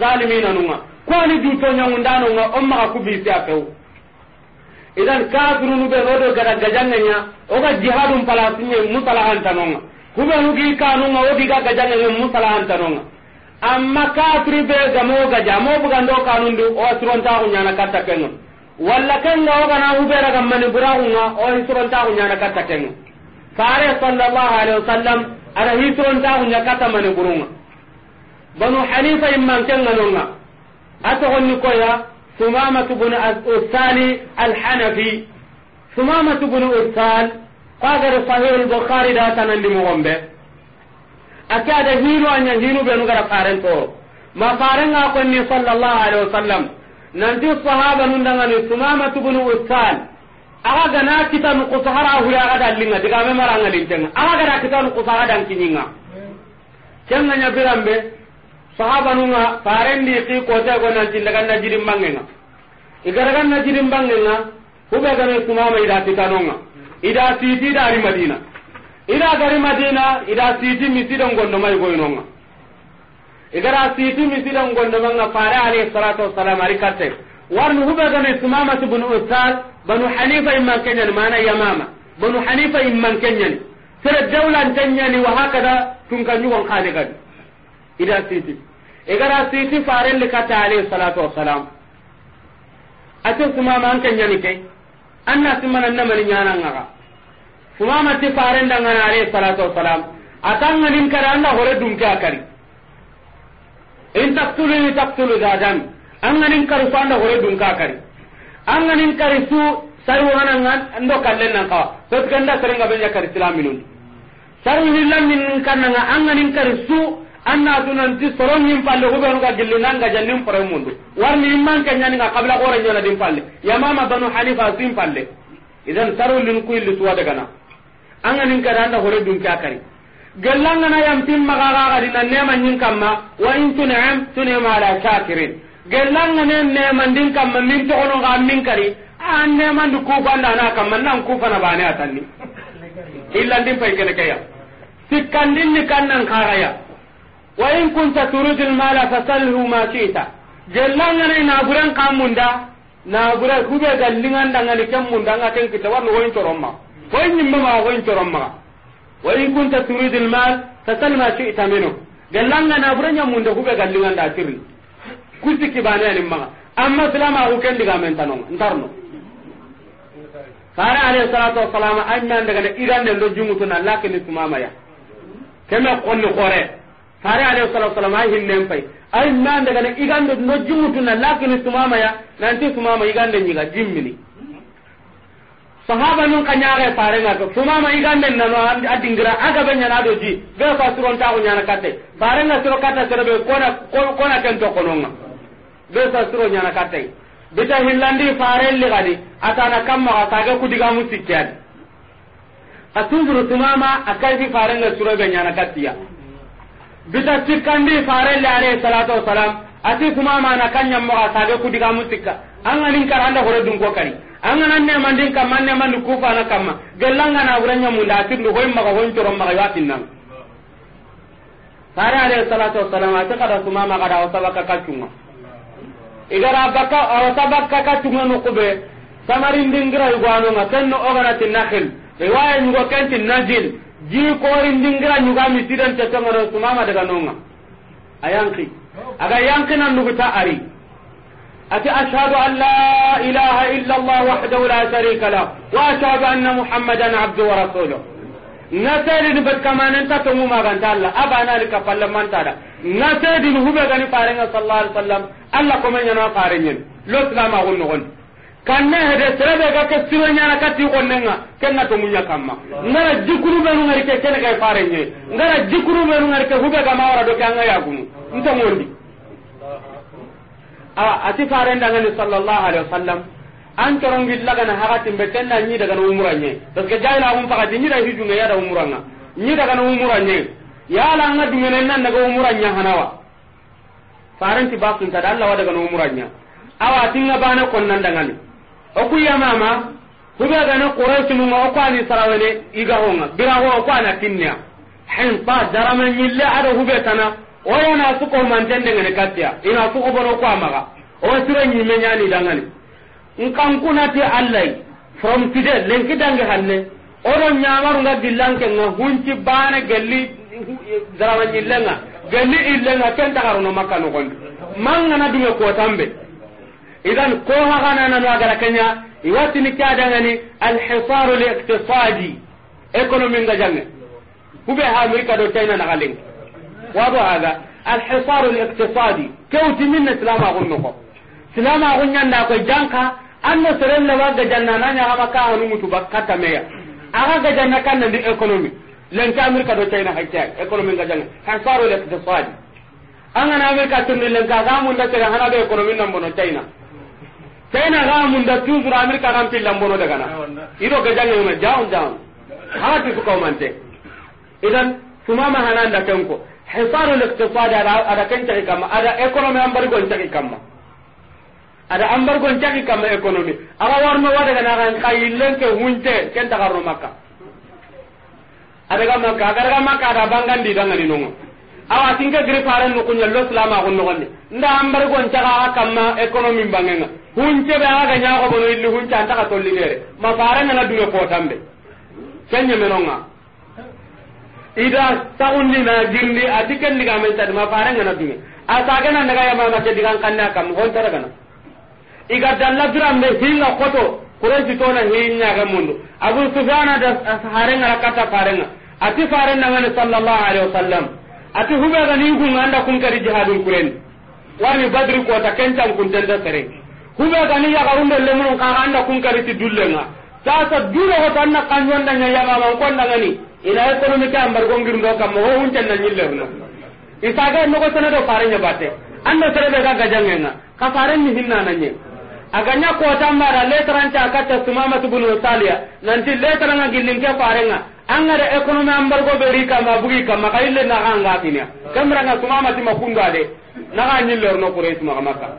zaliminanunga kuwani duto ñagundanunga on maga ku bisi a few idan kafirunu ɓe odo gada gajangeña oga jihadum palasiñe musalahantanonga kuɓenu gi kanunga ogiga gajangeñe musalahantanonga amma kafiri ɓe gamo gaja amo bugando kanundi owa sirontaku ñana katta kenga walla kenga ogana huɓeragammaniburakunga owa sirontaku ñana katta kenga Fare sallallahu alaihi wa sallam hitron ta hunya kata mani burunga banu hanifa imman ato honni koya sumama alhanafi sumama tubun sahih al-bukhari da ta nan limu gombe ada anya gara to ma sallallahu alaihi nanti sahaba aga gana kita nu kusahara huya aga dalinga diga me maranga lintenga aga gana kita nu kusahara dan kininga kenna nya birambe sahaba nu nga di ki ko ta go nan tindaga na jirim bangenga igaraga na jirim bangenga hube gane kuma mai da kita nonga ida titi dari madina ida gari madina ida titi misidan gondo mai goyinonga igara titi misidan gondo manga fare alayhi salatu wassalam ari katte warnu huɓe gane sumamatu bnu usal banu hanifa imman keñani mana yamama banu hanifa imman keñani sere dawlanteñani wa hakada tunkanñugon kane gadi ida siti igara siti farelli ta alayhi salatu wa wassalam ate sumama an keñani ke anna simmanannamani ñanangaga sumama da ngana alayhi salatu wa salam wassalam atanganin kari anna hore dumke a kari in ni taktulu dadan an ganin kari su anda hore dun dunka kari an ganin kari su saru an ando kallen nan kawa to kanda serenga benya kari silaminun saru hillan min nan an ganin kari su an na tunan anna tunanti soronñin palle ku ɓenuga gilli ga jannin pore mundu warni imman keñaninga kabla kore ñonadin palle yamama banu hanifa sin palle idan sarulin kuyilli suwa an ganin kada anda hore dunke a kari ga dinan ne na yin kamma wa in tun'am tunema ala shakirin ne gellangane nemandin kamma min toxononga an min kari a nemandu kufandana kamma nan ku kufana bane atanni illa illandin pay kene keya sikkandin ni kannan kaxaya wa in kunta turidul mala fasalhu ma shita gellangane naburen kammunda nabure kube gallingandangani ken mundanga ken kita warni woyin coronma woyin ko woyin coronmaxa wa in kunta turidul mal fasal ma shita minu gellanga nabure ñammunde gallingan da tirini kusi kibane ani maga amma silama ku ken diga men tanon ntarno fara alayhi salatu wassalam anna daga na iran den do jungutu na lakini tumama ya kema konni kore fara alayhi salatu wassalam ay hinnen pay ay man daga na igan do no jungutu na lakini tumama ya nanti tumama igan den nyiga jimmini sahaba nun kanyaare fare nga to tumama igan na no adingira aga benya na do ji be fa suron ta ko nyana kate fare nga suro kata sero be kona kona ken to kononga be sa suro nyana katai bita hillandi farelli gadi atana kamma kaga kudiga musikkadi atunduru tumama akaiti farenga suro be nyana katiya bita tikkandi farelli alayhi salatu wassalam ati tumama na kanya mo kaga kudiga musikka anga nin karanda hore dun ko kari anga nan ne mandin kam man ne mandu kufa na kamma gellanga na uranya munda tindu hoy maga hon toro maga yatin nan fare ale salatu wassalam ati kada tumama kada wasabaka kacunga igara bakka awata bakka ka tunga nukube samarindingira igwanonga kenno oganati nakhil riwaya ñugo kenti najil ji korindingira ñuga misiden tetongero sumama daga nonga a yanki aga yankina nuguta ari ati ashhadu an la ilaha illa allah wahdahu la sharika lah wa ashhadu anna muhammadan abduhu wa rasuluh nga selini bet kamanenta tongumagantaalla abanali kapalla mantada nga sedini hube gani farenga sallallahu alaihi wasallam alla ko men yana farenyen lo islama gon no kan kanne hede serebe ga ke siro nyana kati gonnenga kenna to munya kamma ngara jikuru be ngari ke kene ga farenye ngara jikuru be ngari ke hube ga mawara do kanga ya gunu nta ngondi a ati farenda ngani sallallahu alaihi wasallam an torongi lagana hakatin be kenna nyi daga umuranye parce que jayla hum fakati nyi da hijunga ya da umuranga nyi daga umuranye yala nga dingene nan daga umuranya hanawa faranti bakun ta Allah wa daga umuranya awa tinga bana kon nan daga ni o ku ya mama kuba ga na quraish mun o kwani sarawene iga honga bira ho kwana tinnya hin ta darama nyilla ada hube tana o yana su ko man tende ngene katya ina su ko bono ko maga o sura ni menya ni daga ni in kan kuna ti Allah from today lenki dange hanne odo nyamaru ga dillanke nga bana galli Eh, zarawanyi lenga kenta karuna maka tagaruno makka nogondi mangana dume tambe idan ko hagananano agara kenya iwatini kadangani alhisaru liiqtisadi economy nga jange kube ha amerika do china naga leng wado haga alhisaru liiqtisadi kewti minna silamagun noko silamagun ñanda ko janka anno serelle wa gajanna nanyagama ka mutu ba kattameya aga gajanna ni economy. lenke amerika do china hakkea économie nga jange hasaro lectisadi angana amerika tirni lenka ga munda tere hana do économie nambono china china ga munda toujours amerika gan pillambono dagana ido ga jaun jawn jawn hana tisu kaumante idan sumama hananda kenko hasaro lectisadi ada ada kencaki kamma ada économie ambarigon caki kamma ada ambargon caki kamma économie aga warno wadagana gan kayillenke hunte kentagarno makka adaga makka agaraga makka ada bangandi dangani nonga awa tinka giri faren no kunya lo salama gon nonne nda ambare gon taga kamma economy bangenga hunce be aga nya ko bono illi hunce anta ka tolli gere ma faren nana dure ko tambe kenya menonga ida taundi na girndi atiken diga men tadi ma faren na dure asaga na daga yama ma ke digan kanna kam hon taraga na iga dalla durambe hinga koto quraish tona na hinnya ga mundu abu sufyan da harenga kata farenga ati farenga ngani sallallahu alaihi wasallam ati hube ga ni gun anda kun kari jihadul kuren warni badri ko ta kencan kun tanda sere hube ga ni ya garunde lemun ka anda kun kari ti dullenga sasa dure ko tanna kanjon da nya ya ga man kon da ngani ila ekonomi ka ambar gongir ndo kam ho hun tan nyi lewna isaga no ko tana do farenga bate anda sere be ga gajangenga ka faren ni hinna nanye aganya kotan bara letran ta kata sumama tubun wasaliya nanti letran ga gilin ke farenga anga da ekonomi ambar go beri kama bugi kama kaille na anga tinya kamra ga sumama ti makunda de na ga nyillor no kure isma maka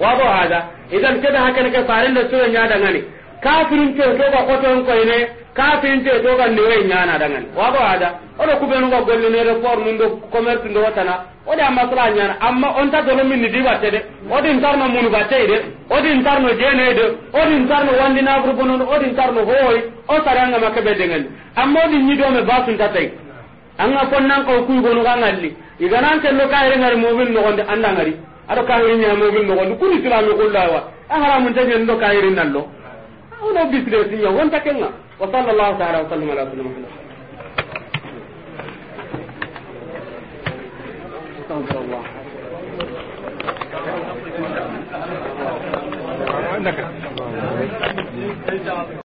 wabo hada idan kada hakan ke farin da sura da ngani. kafirin ce to ga koton ko ine kafirin ce to ga ne nyana dangan wa ba ada odo ku benu ga golli ne reform ndo commerce ndo watana odo amma sala nyana amma on ta dono min di batte de odo intarno mun batte de odo intarno jene de odo intarno wandi na bru bonon odo intarno hoy o taranga makabe dengan amma odo nyi do me basun ta tai anga ponnan ko ku gonu ga iganan ke lo kayre ngari mobil no gonde andangari ado kayre nya mobil no gonde kuni islami kullawa ahara mun tanyen do kayre ona bisle sinya wonta kenga wa sallallahu ta'ala wa sallam ala sayyidina muhammad astagfirullah انك